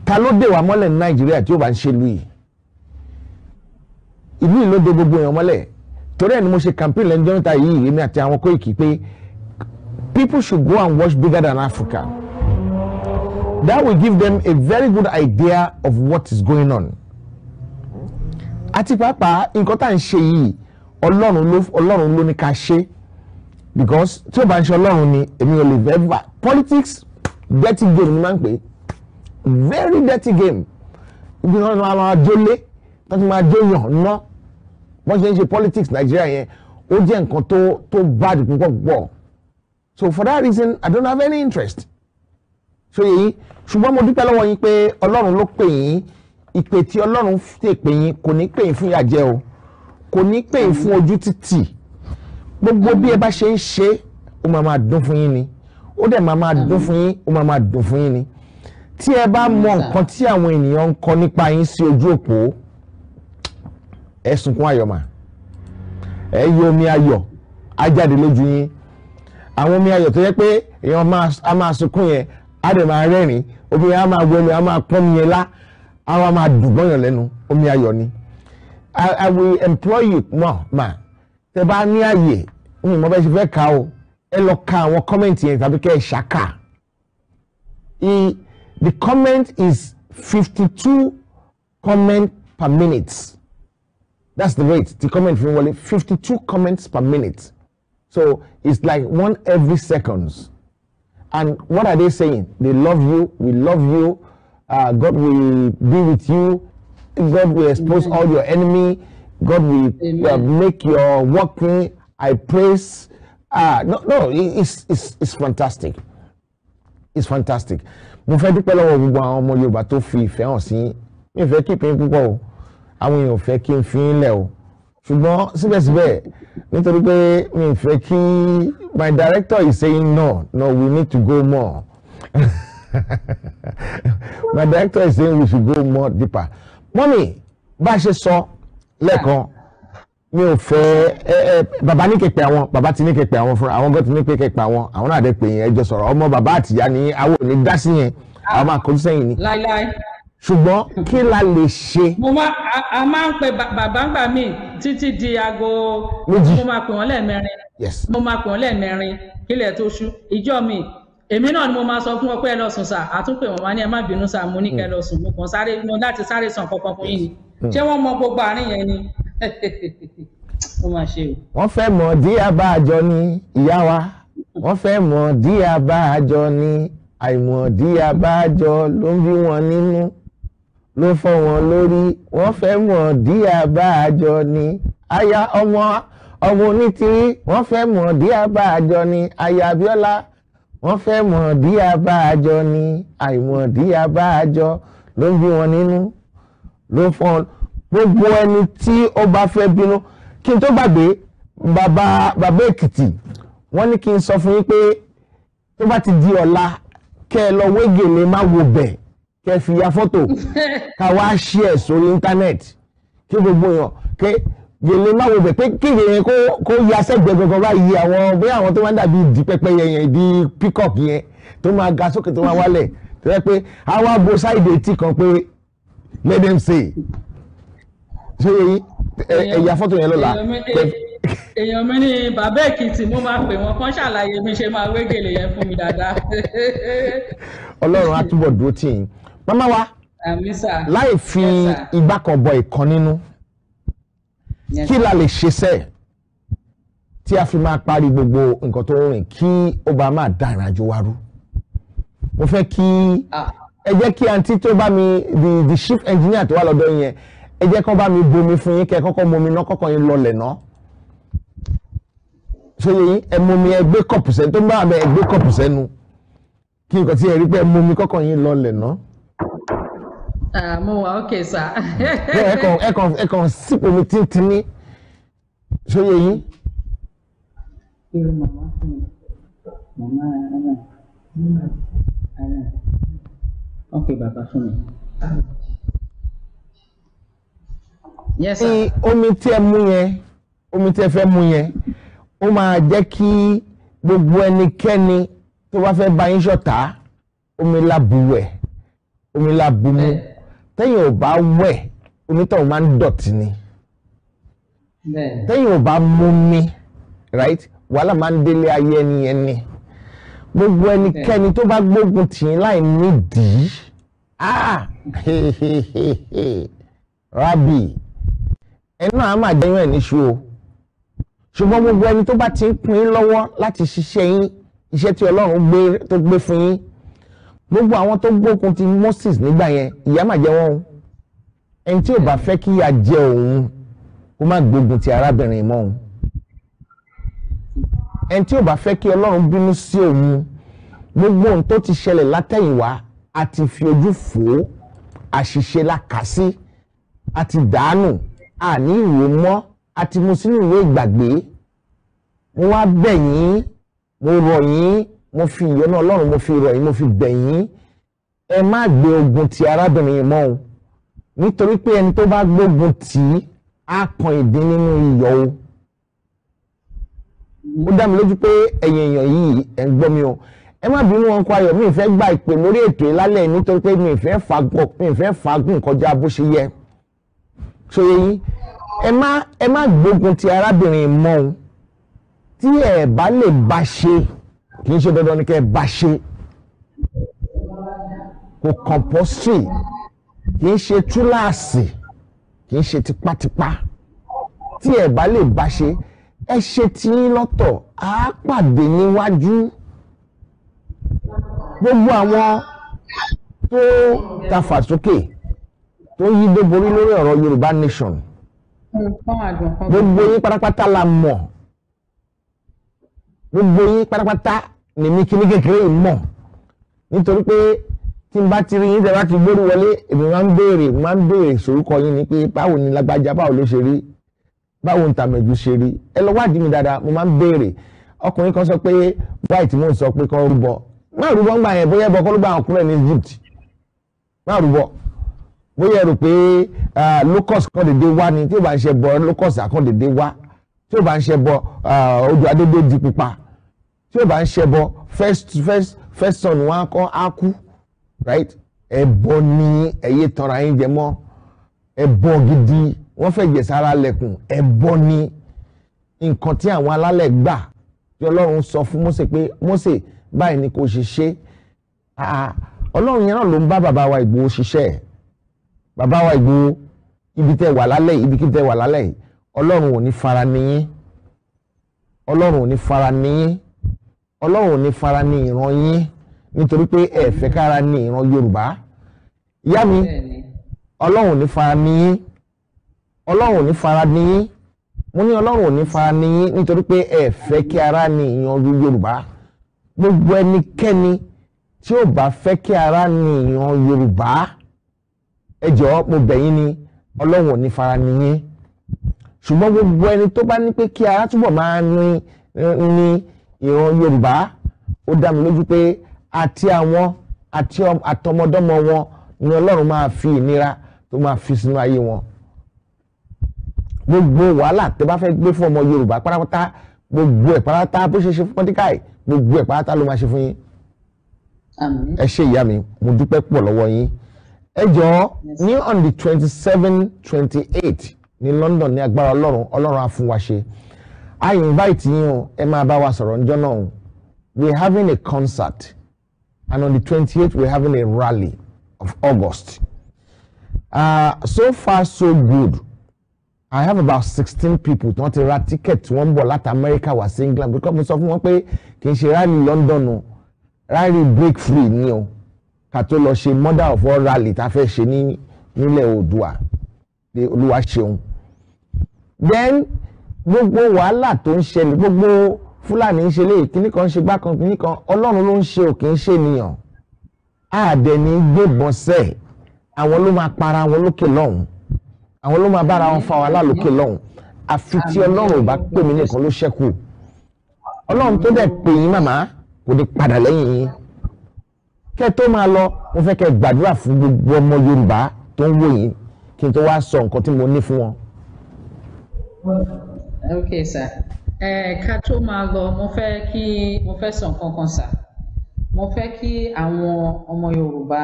ta ló dè wá mọ́lẹ̀ ní Nàìjíríà tí ó bá ń ṣe lu yìí ìlú ìlóde gbogbo èèyàn mọ́lẹ̀ torí ẹ̀ mo ṣe campaign lẹ́njọ́ níta yìí èmi àti àwọn Koiki pé people should go and watch bigger than Africa that will give them a very good idea of what is going on àti pàápàá nǹkan tá à ń ṣe yìí ọlọ́run ló ọlọ́run ló ní ká ṣe because tí o bá ń ṣe ọlọ́run ni èmi ò lè fẹ́ politics dirty game ni máa ń pè very dirty game ibi náà ni wọ́n máa jólé wọ́n ti máa jóyàn náà wọ́n ṣe ń ṣe politics Nigeria yẹn ó jẹ́ nǹkan tó tó bad púpọ̀ púpọ̀ so for that reason I don't have any interest so yìí ṣùgbọ́n mo dúpẹ́ lọ́wọ́ yín pé Ọlọ́run ló pè yín ìpè tí Ọlọ́run tè pè yín kò ní pè yín fún ìyà jẹ o kò ní pè yín fún ojú títì gbogbo bí ẹ bá ṣe ń ṣe ó máa máa dún fún yín ni ó dẹ̀ máa máa dún fún yín ó máa máa dùn fún yín ni tí ẹ bá mọ nǹkan tí àwọn ènìyàn ń kọ nípa yín sí ojú òpó ẹ sunkún ayọ̀ mà ẹ yọ omi ayọ̀ á lójú yín àwọn omi ayọ̀ tó yẹ pé èèyàn á máa sunkún yẹn á dẹ̀ máa rẹ́rìn obìnrin á máa wẹnu á máa pọ́n mi yẹn lá á wá máa dùgbọ́n yàn lẹ́nu omi ayọ̀ ni I, will employ you mọ̀ mà tẹ bá ní àyè ní ìmọ̀ bẹ́ẹ̀ ṣe fẹ́ ka o ẹ lọ ka àwọn kọ́mẹ̀ntì yẹn tàbí kẹ́ ẹ ṣàkà the comment is fifty two comment per minute. That's the rate. The comment from Wally, 52 comments per minute. So it's like one every seconds. And what are they saying? They love you. We love you. Uh, God will be with you. God will expose Amen. all your enemy. God will uh, make your walking. I praise. Uh, no, no, it's, it's, it's fantastic. It's fantastic. Mo fẹ́ dúpẹ́ lọ́wọ́ gbogbo àwọn ọmọ Yorùbá tó fi ìfẹ́ hàn sí mi fẹ́ kíkín púpọ̀ o. àwọn èèyàn fẹ́ kí n fi ń lẹ̀ o ṣùgbọ́n síbẹ̀síbẹ̀ nítorí pé mi ò fẹ́ kí my director is saying no no we need to go more my director is saying we should go more deeper mọ́mì bá a ṣe sọ lẹ́ẹ̀kan mi ò fẹ́ ẹ ẹ bàbá ní kẹpẹ àwọn bàbá ti ní kẹpẹ àwọn fúnra àwọn gan ti ní kẹpẹ àwọn àwọn náà dẹ pé yẹn ẹjọ sọ̀rọ̀ ọmọ bàbá àtìyá ni àwọn ò ní dá sí yẹn àwọn máa kọjú sẹ́yìn ni. láíláí ṣùgbọ́n kí la lè ṣe. mo máa a máa ń pe bàbá ńgbà mi títí di aago méjì mo máa pè wọ́n lẹ́ẹ̀mẹrin mo máa pè wọ́n lẹ́ẹ̀mẹrin kílẹ̀ tó ṣú ìjọ mi èmi náà ni mo máa sọ fún ọ pé sà àtúnpè wọn wá ní ẹ má bínú sà mo ní kẹ mo kàn sáré mo láti sáré sàn kankan fún yín ni hmm. Hmm. ṣé wọ́n mọ gbogbo àárín yẹn ni ó máa ṣe o. wọ́n fẹ́ mọ̀ dí abá àjọ ni ìyá wa wọ́n fẹ́ mọ̀ dí abá àjọ ni àìmọ̀ dí abá àjọ ló ń bí wọn nínú ló fọ́ wọn lórí wọ́n fẹ́ mọ̀ dí àbájọ ni aya ọmọ ọmọ onítìrí wọ́n fẹ́ mọ̀ dí àbájọ ni aya Abíọ́lá wọ́n fẹ́ mọ̀ dí àbájọ ni àìmọ̀ dí àbájọ ló ń bí wọn nínú ló fọ́ gbogbo ẹni tí ó bá fẹ́ bínú kí n tó gbàgbé bàbá bàbá Èkìtì wọ́n ní kí n sọ fún yín pé tó bá ti di ọ̀la kẹ́ ẹ lọ wégele má wo bẹ́ẹ̀ kẹ́ fi ya fọ́tò ká wá ṣí ẹ̀ sórí íńtánẹ́ẹ̀tì kí gbogbo èèyàn kẹ́ yèlé má wo bẹ̀ pé kéde yẹn kó ya sẹ́gbẹ̀ẹ́ gangan báyìí àwọn bóyá àwọn tó máa ń dàbí ìdí pẹ́pẹ́yẹ yẹn ìdí peacock yẹn tó máa ga sókè tó máa wálẹ̀ tó yẹ pé àwa bo ṣáìdì etí kan pé let them say ṣé ẹ̀yà fọ́tò yẹn lọ́la èèyàn mi ní bàbá èkìtì mo máa pè wọn kán ṣàlàyé mi ṣe máa wégele yẹn fún mi dáadáa. ọlọ́run á túbọ̀ dúró tì yín mama wa ah, láì fi igbá kan bọ ìkan nínú kí la lè ṣe sẹ́ẹ̀ tí a fi máa parí gbogbo nǹkan tó ń rìn kí ó bá máa dá ìrìnàjò wa rú mo fẹ́ kí ah. ẹ jẹ́ kí àǹtí tó bá mi the the chief engineer tó wà lọ́dọ̀ yẹn ẹ jẹ́ kó bá mi bomi fún yín kẹ́ ẹ kọ́kọ́ momi náà kọ́kọ́ yín lọlẹ̀ náà so yẹ yín ẹ momi ẹ gbé kọ̀pù sẹ́nu tó ń bá àbẹ ẹ gbé kọ̀pù sẹ́nu kí nǹkan tí ẹ rí pé ẹ momi kọ́kọ́ yín lọlẹ̀ náà. Ah, mo wà ok sa. ẹ kàn ẹ kàn ẹ kàn sípò mi tíntìní sóye yín. irú màmá fún mi màmá ok bàbá fún mi. yes sir. omi tí ẹ mú yẹn omi tí ẹ fẹ́ mú yẹn ó máa jẹ́ kí gbogbo ẹnikẹ́ni tó bá fẹ́ bá yín ṣọ̀tá omi lábúwẹ̀ omi lábúmú. Eh, tẹ́yìn ò bá wẹ̀ onítọ̀hún máa ń dọ̀tí ni tẹ́yìn ò bá mú right wàhálà máa ń délé ayé ẹni ẹni gbogbo ẹnikẹ́ni tó bá gbógun tì láì nídìí ah rabi ẹnu àá máa jẹyàn ẹ̀ níṣu o ṣùgbọ́n gbogbo ẹni tó bá ti ń pín in lọ́wọ́ láti ṣiṣẹ́ yín iṣẹ́ tí Ọlọ́run gbé tó gbé fún yín gbogbo àwọn tó gbógun ti Moses nígbà yẹn ìyà máa jẹ wọ́n ẹni tí ò bá fẹ́ kí ìyà jẹ òun kó má gbógun ti arábìnrin mọ́ òun ẹni tí ò bá fẹ́ kí Ọlọ́run bínú sí òun gbogbo ohun tó ti ṣẹlẹ̀ látẹ̀yìnwá a ti fi ojú fò ó àṣìṣe la kà sí a ti dànù àní ìwé mọ́ a ti mu sínú ìwé ìgbàgbé mo wá bẹ̀ yín mo rọ̀ yín mo fi ìyọ́nú ọlọ́run mo fi rọ̀ yín mo fi bẹ̀ yín ẹ má gbé ogun ti arábìnrin yìí mọ́ o nítorí pé ẹni tó bá gbógun tì í á kan ìdín nínú iyọ̀ o ó dá mi lójú pé ẹ̀yin èèyàn yìí ẹ̀ ń gbọ́ mi o ẹ má bínú wọn kó ayọ̀ mi ìfẹ́ gba ìpè lórí ètò yìí lálẹ́ nítorí pé mi ìfẹ́ fagọ̀ mi ìfẹ́ fagùn kọjá bó ṣe yẹ so yẹyin ẹ má ẹ má gbógun ti arábìnrin mọ́ o tí ẹ bá lè bá ṣe kì í ṣe dandan ni kẹ́ ẹ bá ṣe kò compulsory kì í ṣe túláàsì kì í ṣe tipátipá tí ẹ bá lè bá ṣe ẹ ṣe tí yín lọ́tọ̀ á pàdé níwájú gbogbo àwọn tó tafà sókè tó yí dóborí lórí ọ̀rọ̀ Yorùbá nation gbogbo yín pátápátá la mọ̀ gbogbo yín pátápátá lèmi kí kékeré mọ̀ nítorí pé tí n bá ti rí yín tẹ́ bá ti gbórí wọlé èmi máa ń béèrè máa ń béèrè sorúkọ yín ni pé báwo ni lágbájá báwo ló ṣe rí báwo ń tàmẹ̀jú ṣe rí ẹ lọ wádìí mi dáadáa mo máa ń béèrè ọkùnrin kan sọ pé white mo ń sọ pé kan rúbọ máa rúbọ ń gbà yẹn bóyá ẹbọ kọ́ ló gbà wọn kúrò ní Egypt máa rúbọ bóyá ẹ rò pé ah, locust kan dédé wá ni tí ó bá ń ṣe bọ locust àkàn dédé wá tí ó bá ń ṣẹbọ ojú adédè di pupa tí ó bá ń ṣẹbọ first first first son wa kọ́ á kú right ẹbọ ni ẹyẹ tọrọ ayé jẹ mọ́ ẹbọ gidi wọ́n fẹ́ jẹ sára lẹ̀kùn ẹbọ ni nǹkan tí àwọn alálẹ̀ gbà tí ọlọ́run sọ fún Mósè pé Mósè báyìí ni kò ṣe ṣe ọlọ́run yẹn náà ló ń bá bàbá wa Ìgbòho ṣiṣẹ́ bàbá wa Ìgbòho ibi tẹ wà lálẹ́ ibi kí tẹ wà lálẹ́ yìí ọlọ́run ò ní fara níyín! ọlọ́run ò ní fara níyín! ọlọ́run ò ní fara ní ìran yín nítorí pé ẹ fẹ́ kára ní ìran yorùbá ìyá mi ọlọ́run ò ní fara níyín! ọlọ́run ò ní fara níyín! mo ní ọlọ́run ò ní fara níyín nítorí pé ẹ fẹ́ kí ara ní ìran yorùbá gbogbo ẹnikẹ́ni tí ò bá fẹ́ kí ara ní ìran yorùbá ẹ jọ̀ọ́ mo bẹ̀ ni ọlọ́run ò ní fara niyín. ṣùgbọ́n gbogbo ẹni tó bá ní pé kí ara túbọ̀ máa ní ní ìran Yorùbá ó dá mi lójú pé àti àwọn àti àtọmọdọ́mọ wọn ni Ọlọ́run máa fi ìnira tó máa fi sínú ayé wọn gbogbo wàhálà tó bá fẹ́ gbé fún ọmọ Yorùbá pátápátá gbogbo ẹ̀ pátápátá bó ṣe ṣe fún pọ́ńtíkàì gbogbo ẹ̀ pátápátá ló máa ṣe fún yín ẹ ṣé ìyá mi mo dúpẹ́ pọ̀ lọ́wọ́ yín ẹ jọ̀ọ́ ní on the twenty seven twenty eight ní London ní agbára Ọlọ́run Ọlọ́run á fún wa ṣe I invite yín o ẹ máa bá wa sọ̀rọ̀ ǹjọ́ náà we are having a concert and on the twenty-eighth we are having a rally of August uh, so far so good I have about sixteen people tí wọ́n ti ra ticket tí wọ́n ń bọ̀ láti America wá sí England because mo sọ fún wọn pé kì í ṣe rally London o rally break free ni o ká tó lọ ṣe mother of all rally tá a fẹ́ ṣe ní nílẹ̀ Oòduà pé Olúwa ṣeun then gbogbo wàhálà tó ń ṣẹlẹ̀ gbogbo fúlàní ń ṣe léyìí kíní kan ṣe bákan kíní kan ọlọ́run ló ń ṣe òkè ń ṣe nìyàn àdẹ ní gbébọn sẹ́ẹ̀ àwọn ló máa para wọn lókè lọ́hùn àwọn ló máa bára wọn fa wàhálà lókè lọ́hùn àfi tí ọlọ́run ò bá pè mí nìkan ló ṣẹ́kù ọlọ́run tó dẹ̀ pè yín màmá kò ní padà lẹ́yìn yín kẹ́ tó máa lọ mo fẹ́ kẹ́ gbàdúrà fún gbogbo ọmọ yorùbá tó ń wò yín kí n tó wá sọ nǹkan tí mo ní fún wọn ok sir ẹ ká tó máa lọ mo fẹ́ kí mo fẹ́ sọ nǹkan sà mo fẹ́ kí àwọn ọmọ Yorùbá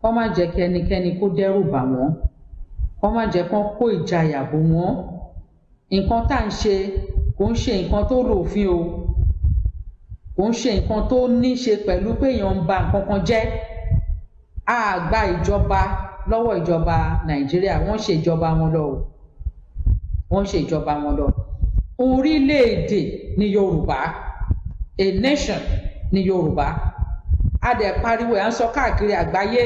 kó má jẹ́ kí ẹnikẹ́ni kó dẹ́rù bà wọ́n kó má jẹ́ kó kó ìjayà bò wọ́n nǹkan tá à ń ṣe kò ń ṣe nǹkan tó lòfin o kò ń ṣe nǹkan tó ní pẹ̀lú pé èèyàn ń ba nǹkan kan jẹ́ a ìjọba lọ́wọ́ ìjọba Nàìjíríà wọ́n ṣe ìjọba wọn lọ wọ́n ń ṣe ìjọba wọn lọ orílẹ̀-èdè ní yorùbá a nation ní yorùbá a dẹ̀ pariwo à ń sọ káàkiri àgbáyé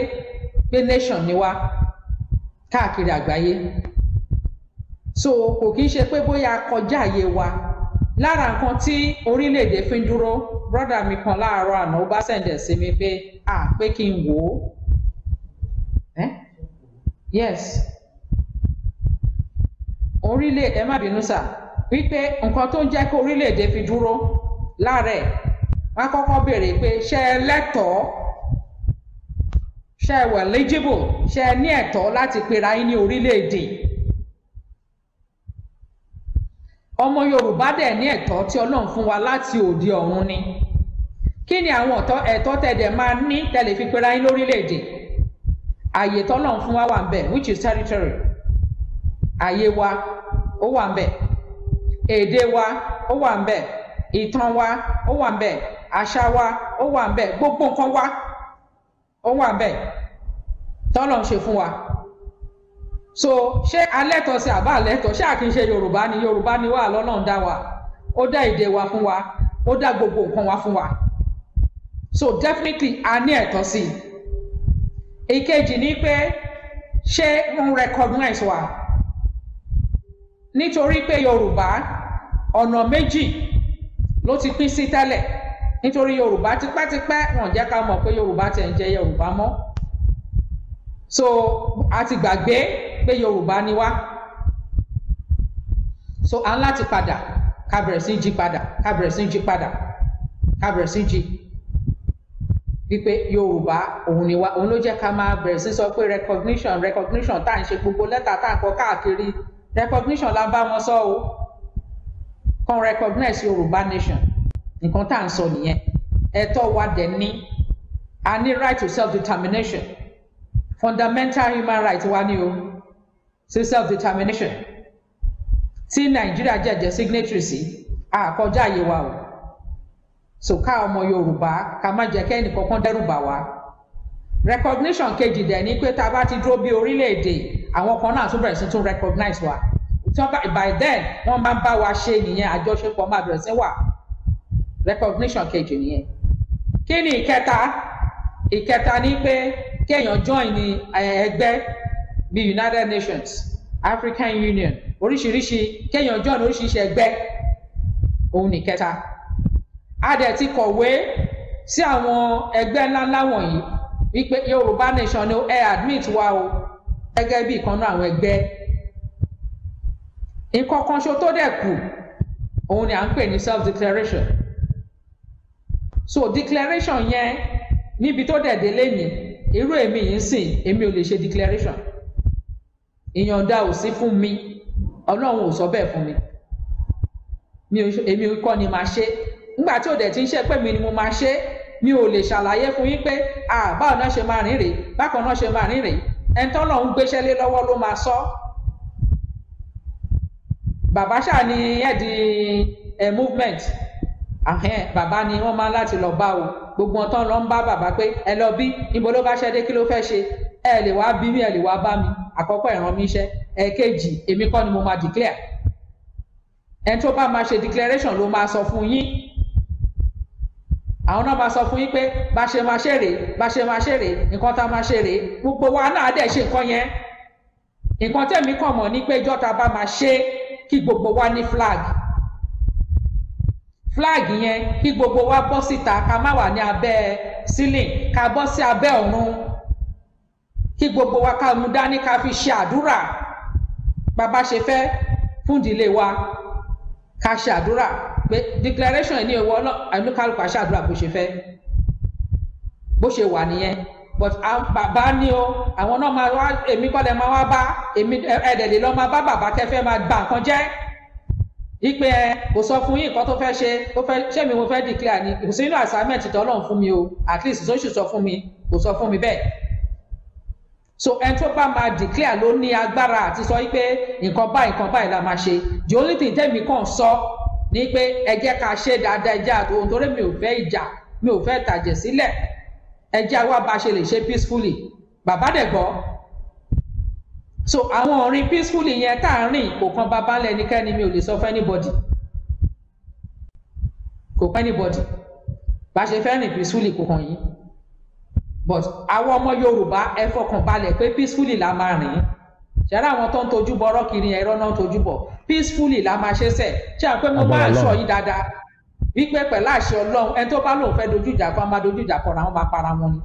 pé nation ni wá káàkiri àgbáyé so kò kí ń ṣe pé bóyá kọjá àyè wa lára nǹkan tí orílẹ̀-èdè fi ń dúró brọ́dà mi kan láàárọ̀ àná ó bá sẹ̀ǹdẹ̀ sí mi pé à pé kí n wò ó yes orílẹ̀ ẹ má bínú sà wípé nǹkan tó ń jẹ́ kó orílẹ̀-èdè fi dúró láàrẹ̀ wọ́n kọ́kọ́ béèrè pé ṣé ẹ lẹ́tọ̀ọ́ ṣé ẹ wà eligible ṣé ẹ ní ẹ̀tọ́ láti pera yín ní orílẹ̀-èdè ọmọ Yorùbá dẹ̀ ní ẹ̀tọ́ tí Ọlọ́run fún wa láti òde ọ̀run ni kí ni àwọn ẹ̀tọ́ tẹ̀dẹ̀ máa ní tẹ̀lé fi pera yín lórílẹ̀-èdè àyè tọ́lọ́run fún wa wà ń bẹ̀ which is territory ayé wa ó wà ń èdè wa ó wà ń ìtàn wa ó wà ń bẹ àṣà wa ó wà ń gbogbo nǹkan wa ó wà ń tọ́lọ̀ ń ṣe fún wa so ṣé alẹ́tọ̀ sí àbá alẹ́tọ̀ ṣé àkì ń ṣe yorùbá ni yorùbá ni wà lọ́nà dá wa ó dá èdè wa fún wa ó dá gbogbo nǹkan wa fún wa so definitely a ní ẹ̀tọ́ sí i ìkejì ni pé ṣé ń recognize wa nítorí pé yorùbá ọ̀nà méjì ló ti pín sí tẹ́lẹ̀ nítorí yorùbá tipẹ́tipẹ́ wọn jẹ́ ká mọ̀ pé yorùbá tẹ̀ ń jẹ́ yorùbá mọ́ so a ti gbàgbé pé yorùbá ni wá so à ń láti padà ká bẹ̀rẹ̀ sí jí padà ká bẹ̀rẹ̀ sí jí padà ká bẹ̀rẹ̀ sí jí wípé yorùbá òun ni wá òun ló jẹ́ ká máa bẹ̀rẹ̀ sí sọ pé recognition recognition tá à ń ṣe gbogbo lẹ́tà tá à ń kọ káàkiri recognition la bá wọn sọ o kan recognize yorùbá nation nǹkan tá à ń sọ nìyẹn ẹ̀tọ́ wa dẹ̀ ní a ní right to self determination fundamental human right wa ni o sí self determination tí nàìjíríà jẹjẹ signatory sí àkọjá àyè wa o so ká ọmọ yorùbá ká má jẹ́ kẹ́ni kankan dẹ́rù bà wá recognition kejì dẹ̀ ni pé tá a bá ti dúró bí orílẹ̀-èdè àwọn kan náà tún bẹ̀rẹ̀ sí tún recognize wa tí wọ́n bá by then wọ́n máa ń bá wa ṣe nìyẹn àjọṣepọ̀ máa bẹ̀rẹ̀ sí wà recognition kejì nìyẹn kí ni ìkẹta ìkẹta ni pé kéèyàn join ní ẹgbẹ́ bíi United Nations African Union oríṣiríṣi kéèyàn join oríṣiríṣi ẹgbẹ́ òun nìkẹta a dẹ̀ ti kọ̀wé sí àwọn ẹgbẹ́ ńláńlá wọ̀nyí wípé Yorùbá nation ni ẹ admit wa o gẹ́gẹ́ bí ìkan náà àwọn ẹgbẹ́ nǹkan kan ṣo tó dẹ̀ kù òun ni à ń pè ní self declaration so declaration yẹn níbi tó dẹ̀ délé ni irú èmi yìí ń sìn èmi ò lè ṣe declaration ìyọ̀ǹda ò sí fún mi ọlọ́run ò sọ bẹ́ẹ̀ fún mi èmi kọ́ ni màá ṣe nígbà tí ò dẹ̀ ti ń ṣe pé mi ni mo máa ṣe mi ò lè ṣàlàyé fún yín pé báwo náà ṣe máa rìn rèé bákan náà ṣe máa rìn rèé ẹ̀ńtọ́ náà ń gbéṣẹ́ lé lọ́wọ́ ló máa sọ bàbá ṣáà ní ẹ̀dì ẹ̀ eh, movement bàbá ni wọ́n máa láti lọ bá o gbogbo ọ̀tọ́ lọ ń bá bàbá pé ẹ lọ bí níbo ló bá ṣẹ́ dé kí ló fẹ́ ṣe ẹ lè wá bí mi ẹ lè wá bá mi àkọ́kọ́ ìran mi iṣẹ́ ẹ̀ẹ̀kejì èmi kọ́ ni mo máa declare ẹni tó bá máa ṣe declaration ló máa sọ fún yín àwọn náà máa sọ fún yín pé bá ṣe máa ṣe rèé bá ṣe máa ṣe rèé nǹkan tá a máa ṣe rèé gbogbo wa náà dẹ̀ ṣe nǹkan yẹn nǹkan tẹ̀mí kàn mọ̀ ní pé jọ́ta bá máa ṣe kí gbogbo wa ní flag flag yẹn kí gbogbo wa bọ́ síta ká má wà ní abẹ́ ceiling ká bọ́ sí abẹ́ ọ̀run kí gbogbo wa ká mú dání ká fi ṣe àdúrà bàbá ṣe fẹ́ fún ìdílé wa ká ṣe àdúrà pé declaration ní owó àlùkálùkù àṣàdúrà bó ṣe fẹ́ bó ṣe wà nìyẹn but bàbá ni o àwọn náà máa wá èmi kọ́lẹ̀ máa wá bá èmi ẹ̀ẹ́dẹ̀lẹ̀ lọ́ máa bá bàbá kẹfẹ́ máa bà nǹkan jẹ́ ìpè ẹ kò sọ fún yín nǹkan tó fẹ́ ṣe tó fẹ́ ṣé mi mo fẹ́ declare ni kò sínú assignment tọ́lọ́run fún mi o at least sóṣù sọ fún mi kò sọ fún mi bẹ́ẹ̀ so ẹni tó bá máa declare ló ní agbára àti sọ wípé nǹkan báyìí nǹkan báyìí la máa ṣe the only thing tẹ́mi kàn sọ ni pé ẹ jẹ́ ká ṣe dáadáa ẹ jẹ́ àti ohun torí mi ò fẹ́ ìjà mi ò fẹ́ tàjẹ̀ sílẹ̀ ẹ jẹ́ àwa bá ṣe lè ṣe peacefully bàbá dẹ̀ gbọ́ so àwọn orin peacefully yẹn tá à ń rìn kò kan bàbá ńlẹ̀ ẹnikẹ́ni mi ò lè sọ fún anybody kò kan anybody bá ṣe fẹ́ rìn peacefully kò kàn yín but àwọn ọmọ yorùbá ẹ fọkàn balẹ̀ pé peacefully la máa rìn ṣẹ́rẹ́ àwọn tó ń tojú bọ ọ̀rọ̀ kiri ẹ̀rọ náà ń tojú bọ̀ peacefully la máa ṣe sẹ̀ ṣé à ń pẹ́ mo máa sọ yìí dáadáa wípé pẹ̀lú àṣẹ ọlọ́run ẹni tó bá lóun fẹ́ dojú ìjà kan máa dojú ìjà kan ra wọn máa para wọn ni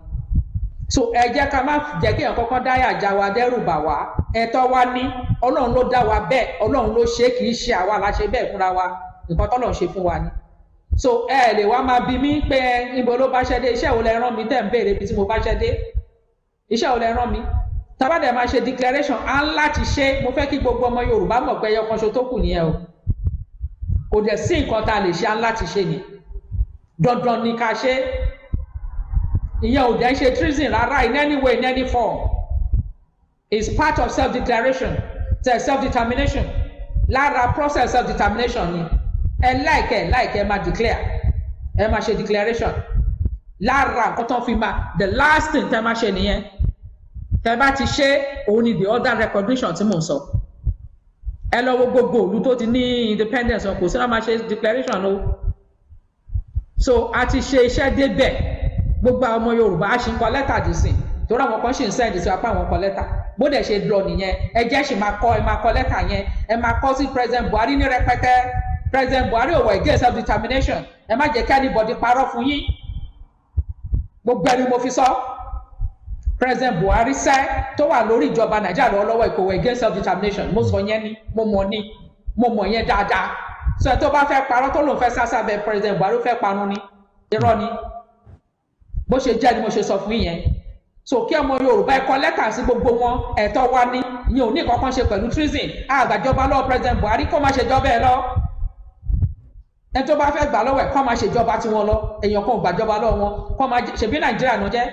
so ẹ jẹ́ ká má jẹ́ kí èèyàn kọ́kọ́ dáyà já wa dẹ́rù bà wá ẹ̀tọ́ wa ní ọlọ́run ló dá wa bẹ́ẹ̀ ọlọ́run ló ṣe kì í ṣe àwa la ṣe bẹ́ẹ̀ fúnra wa nǹkan tọ́lọ́run ṣe fún wa ni so ẹ eh, lè wá máa bi mí pé ibo ló bá ṣẹ́ dé iṣẹ́ wo lẹ rán mi tẹ̀ ń béèrè ibi tí mo bá ṣẹ́ dé iṣẹ́ wo lẹ rán mi tabadẹ máa ṣe declaration á ń láti ṣe mo fẹ́ kí gbogbo ọmọ Yorùbá mọ̀ pé ẹyọkan ṣo tó kù nìyẹn o kò dẹ̀ sí nǹkan tá a lè ṣe á ń láti ṣe ni dandan ni ká ṣe ìyẹn ò dẹ̀ ń ṣe treason rárá in any way in any form it's part of self-declaration self-determination lára process self-determination ni ẹ láìkẹ ẹ láìkẹ ẹ máa declare ẹ máa ṣe declaration lára nǹkan tó fi máa the last thing tẹ máa ṣe nìyẹn tẹ bá ti ṣe òun ni the other recognition tí mò ń sọ ẹ lọ wo gbogbo òlu tó ti ní independence wọn kò sí wọn máa ṣe declaration o so a ti ṣe iṣẹ́ débẹ̀ gbogbo àwọn ọmọ Yorùbá a ṣì ń kọ lẹ́tà dì sí torí àwọn kan ṣì ń sẹ́ndì sí apá àwọn kan lẹ́tà bó dẹ̀ ṣe lọ nìyẹn ẹ jẹ́ ṣì máa kọ ẹ máa kọ lẹ́tà yẹn ẹ máa kọ sí President Buhari ní rẹpẹtẹ president buhari ò wọ self determination ẹ má jẹ́ kí anybody parọ́ fún yín gbogbo ẹni mo fi sọ president buhari sẹ́ tó wà lórí ìjọba nàìjíríà lọ́wọ́lọ́wọ́ ìkòwò against self determination mo sọ yẹn ni mo mọ̀ ni mo mọ̀ yẹn dáadáa sọ ẹ tó bá fẹ́ parọ́ tó lòun fẹ́ sásá bẹ president buhari fẹ́ parun ni irọ́ ni bó ṣe jẹ́ ni mo ṣe sọ fún yẹn so kí ọmọ yorùbá ẹkọ lẹ́tà sí gbogbo wọn ẹ̀tọ́ wa ni ìyẹn ò ní kankan ṣe pẹ̀lú treason àgbàjọba lọ́wọ́ president buhari kó má ṣe jọ́ bẹ́ẹ̀ lọ ẹni tó bá fẹ́ gbà lọ́wọ́ ẹ̀ kọ́ máa ṣèjọba tiwọn lọ èèyàn kan ò gbàjọba lọ́wọ́ wọn kọ́ máa ṣèbí nàìjíríà náà jẹ́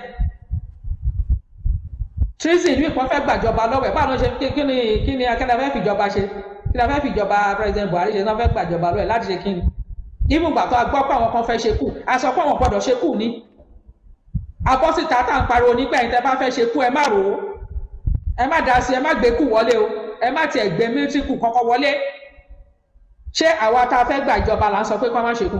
treason ìlú ìkan fẹ́ gbàjọba lọ́wọ́ ẹ̀ báwọn ṣe kí ni kí ni akẹ́lẹ́ fẹ́ fìjọba ṣe kí ni a fẹ́ fìjọba president buhari ṣe náà fẹ́ gbàjọba lọ́wọ́ ẹ̀ láti ṣe kí ni ìmùgbà tó a gbọ́ pé àwọn kan fẹ́ ṣe kù a sọ pé àwọn gbọ́dọ̀ ṣe kù ni abọ́síta tá à ń pariwo nígbà yìí tẹ́ bá fẹ́ ṣe kù ẹ má rò ó ẹ má dá sí ẹ má gbé kù wọlé o ẹ má tiẹ̀ gbé mílítì kù kọ́kọ́ wọlé ṣé àwa tá a fẹ́ gba ìjọba là ń sọ pé kó má ṣe kú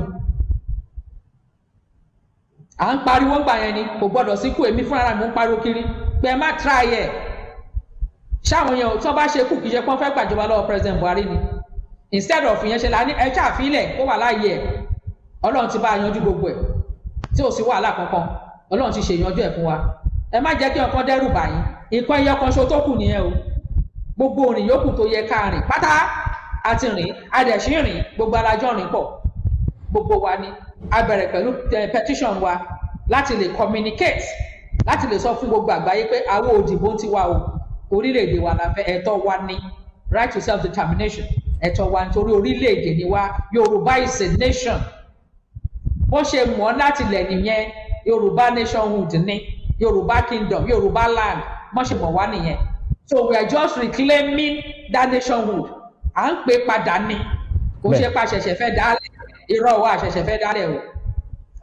à ń pariwo gbà yẹn ni kò gbọdọ̀ sí kú èmi fúnra mi ń pariwo kiri pé ẹ má try ẹ̀ ṣáwọn yẹn tí wọ́n bá ṣe kú kì í ṣe pé wọ́n fẹ́ gbàjọba lọ́wọ́ president Buhari ni instead of ìyẹn ṣe la ní ẹja àfilẹ̀ kó wà láàyè ẹ̀ Ọlọ́run ti bá a yanjú gbogbo ẹ̀ tí ò sí wàhálà kankan Ọlọ́run ti ṣèyanjú ẹ̀ fún wa ẹ má jẹ́ kí ọkàn dẹ́rù bàyín nǹkan ẹyọ kan ṣo tó kù nìyẹn o gbogbo òrìn yòókù tó yẹ ká pátá àti rìn adẹ̀sí rìn gbogbo alájọ́ rìn pọ̀ gbogbo wa ni a bẹ̀rẹ̀ pẹ̀lú eh, petition wa láti lè communicate láti lè sọ fún gbogbo àgbáyé pé àwọn òdìbò ń tiwa o orílẹ̀-èdè wa la fẹ́ ẹ̀tọ́ wa ni right to self determination ẹ̀tọ́ wa nítorí orílẹ̀-èdè ni wa Yorùbá is a nation bó ṣe mọ̀ ọ́ láti lẹ̀ nìyẹn Yorùbá nationhood ni Yorùbá kingdom Yorùbá land mọ̀ ṣe mọ̀ wá nìyẹn so we are just reclaiming that nationhood à ń pè padà ni kò ṣe pa àṣẹ̀ṣẹ̀ fẹ́ dálẹ̀ irọ́ wa àṣẹ̀ṣẹ̀ fẹ́ dálẹ̀ o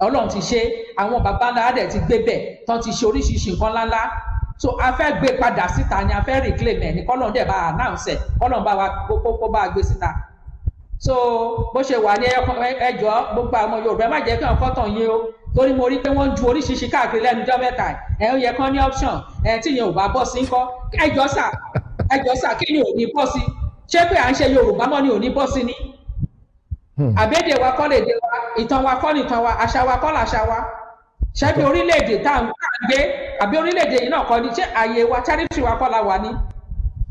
ọlọ́run ti ṣe àwọn baba ńlá rẹ̀ ti gbé bẹ̀ tán ti ṣe oríṣiríṣi nǹkan ńláńlá so a fẹ́ gbé padà síta ni a fẹ́ reclaim ẹ̀ ní kọ́lọ́n dẹ̀ bá a announce ẹ̀ kọ́lọ́n bá wa kókó bá a gbé síta so bó ṣe wà ní ẹjọ́ gbogbo àwọn Yorùbá ẹ má jẹ́ kí wọ́n kọ́tàn yín o torí mo rí pé wọ́n ń ju oríṣiríṣi káàkiri lẹ́nu ọjọ́ mẹ́ta ẹ̀ ń yẹ kán ní option ẹ̀ tí ìyẹn ò bá bọ́ sí ń kọ́ ẹjọ́ sà ẹjọ́ sà kí ni ò ní bọ́ sí ṣé pé à ń ṣe yorùbá mọ́ ni ò bọ́ sí ni hmm. àbẹ́dẹ̀ wa kọ́ lè dé wa ìtàn wa kọ́ nìtàn wa àṣà wa kọ́ làṣà wa ṣé bí orílẹ̀-èdè tá à ń gbé àbí orílẹ̀-èdè yìí náà kọ́ ni ṣé àyè wa charity wa kọ́ la wà ní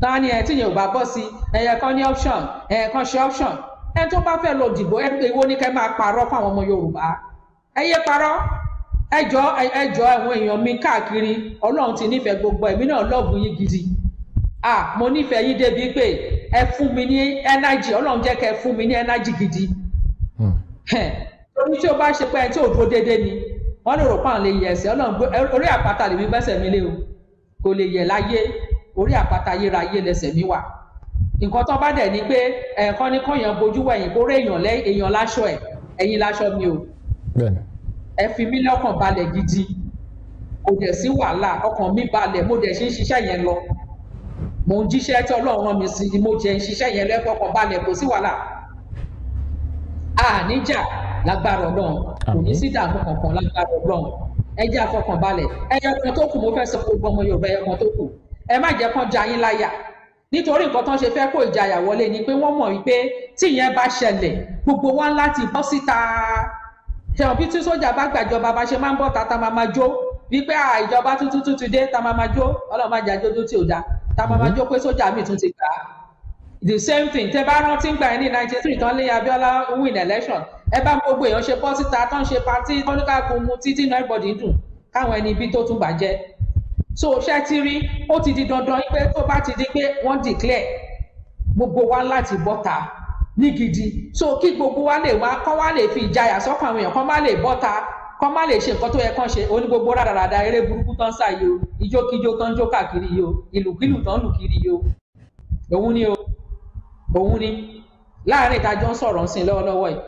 náà ni ẹ tí yẹn ò bá bọ́ sí ẹ̀yẹ kan ní option ẹ̀yẹ kan ṣe option ẹ tó bá fẹ́ lọ dìbò ẹ pé ìwọ ni kẹ́ máa parọ́ fáwọn ọmọ yorùbá ẹ yé parọ́ ẹ jọ ẹ jọ àwọn èèyàn mi káàkiri ọlọ́run ti nífẹ̀ẹ́ gbogbo ẹ̀mí náà lọ́ọ̀bù yín gidi ah mo nífẹ̀ẹ́ yín débi pé ẹ fún mi ní ẹnájì ọlọ́run jẹ́ kẹ́ ẹ fún mi ní ẹnájì gidi hmm. torí tí o bá ṣe pé ẹni tí ò dúró déédéé ni wọ́n lè rò pa àwọn lè yẹ ẹsẹ̀ ọlọ́run gbé orí àpáta lèmi bẹ́sẹ̀ mi lé o kò lè yẹ láyé orí àpáta yéra yé lẹsẹ̀ mi wà nǹkan tó bá dẹ̀ ni pé ẹ̀ẹ̀kan ní kọ́yàn bojú wọ ẹ̀yìn kórè èèyàn lẹ́ èèyàn láṣọ ẹ̀ ẹ̀yìn láṣọ mi o ẹ fi mí lọ́kàn balẹ̀ gidi kò dẹ̀ sí wàhálà ọkàn mi balẹ̀ mo dẹ̀ ṣe ń ṣiṣẹ́ yẹn lọ mò ń jíṣẹ́ tí ọlọ́run rán mi sí ni mo jẹ́ ń ṣiṣẹ́ yẹn lẹ́kọ̀ọ́kan balẹ̀ kò sí wàhálà àníjà lágbára ọlọ́run kò ní sí ìdààmú kankan lágbára ọlọ́run ẹ jẹ́ àfọkànbalẹ̀ ẹyọ kan tó kù mo fẹ́ sọ gbogbo ọmọ yorùbá ẹyọ kan tó kù ẹ má jẹ́ kán ja yín láyà nítorí nǹkan tó ń ṣe fẹ́ kó ìjayà wọlé ni pé wọ́n mọ̀ wípé tí ìyẹn bá ṣẹlẹ̀ gbogbo wa láti bọ́ síta ṣẹ̀wọ̀n bí tí sójà bá gbàjọba bá ṣe máa ń bọ̀ ta ta máa ma jó wípé ìjọba tuntun tuntun dé ta máa ma jó ọlọ́run má jà jó tó tí ò dáa tá a máa máa mm-hmm. jó pé sójà míì tún ti gbà á the same thing tẹ bá rántí gbà ní nineteen three tán lé Abiola win election ẹ bá gbogbo èèyàn ṣe bọ́ síta tán ṣe party tán ní káàkó mu títí náà everybody dùn káwọn ẹni ibi tó tún bàjẹ́ so ṣe ti rí ó ti di dandan pé tó bá ti di pé wọ́n declare gbogbo wa láti bọ́ta ní gidi so kí gbogbo wa lè wá kọ́ wa lè fi ìjayà sọ́kàn àwọn èèyàn kọ́ má lè bọ́ta kọ́ má lè ṣe nǹkan tó yẹ kán ṣe oní gbogbo rádaràda eré burúkú tán sà yìí o ijókijó tán jó káàkiri yìí o ìlùkílù tán lù kiri yìí o òun ni o òun ni láàrin ìtajọ́ ń sọ̀rọ̀ ń sìn lọ́wọ́lọ́wọ́ yìí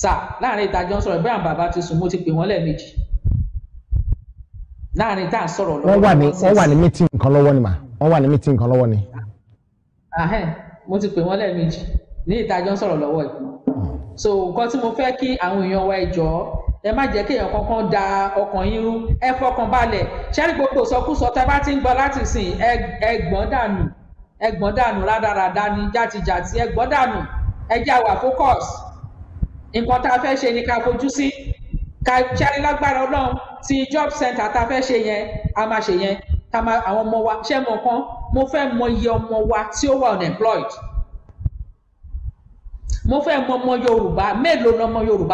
sà láàrin ìtajọ́ ń sọ̀rọ̀ bẹ́ẹ̀ bàbá ti sùn mo ti pè wọ́n lẹ́ẹ̀mejì láàrin tá à ń sọ̀rọ̀ lọ́wọ́. wọ́n wà ní wọ́n wà ní mítìn kan lọ́wọ́ ni mà wọ́n wà ní mítìn kan lọ́wọ́ ni. mo ti pè wọ́n lẹ́ẹ̀mejì ní ìtajọ́ ń sọ̀rọ̀ lọ́wọ́ yìí so nǹkan tí mo fẹ́ kí àwọn èèyàn wa ẹ jọ̀ọ́ ẹ má jẹ́ kéèyàn kankan da ọkàn yín rú ẹ fọkàn balẹ̀ ṣẹ́rí gbogbo sọkúsọ tẹ́ bá ti ń gbọ́ láti sìn ẹ gbọ́n dànù ẹ gbọ́n dànù rádaràda ni játijàti ẹ gbọ́n dànù ẹ jẹ́ àwà focus nǹkan tá a fẹ́ ṣe ni ká fojú sí ká ṣẹ́rí lágbára ọlọ́run ti job center tá a fẹ́ ṣe yẹn a máa ṣe yẹn ká máa àwọn ọmọ wa ṣẹ́ mọ̀ kan mo fẹ́ mọ iye ọmọ wa tí ó wà unemployed mo fẹ́ mọ ọmọ Yorùbá mélòó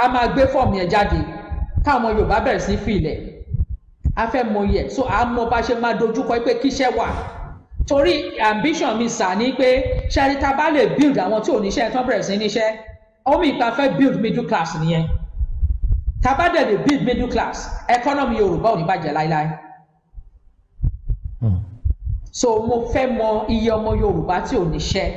a máa gbé fọ́ọ̀mù yẹn jáde káwọn Yorùbá bẹ̀rẹ̀ sí fi ilẹ̀ a fẹ́ mọ yẹ so a mọ bá ṣe máa dojúkọ pé kíṣẹ́ wà torí ambition mi sà ni pé ṣẹ́ni tá bá lè build àwọn tí ò níṣẹ́ tán bẹ̀rẹ̀ sí níṣẹ́ omi ìpa fẹ́ build middle class nìyẹn tá a bá dẹ̀ lè build middle class economy Yorùbá ò ní bàjẹ́ láéláé hmm. so mo fẹ́ mọ iye ọmọ Yorùbá tí ò níṣẹ́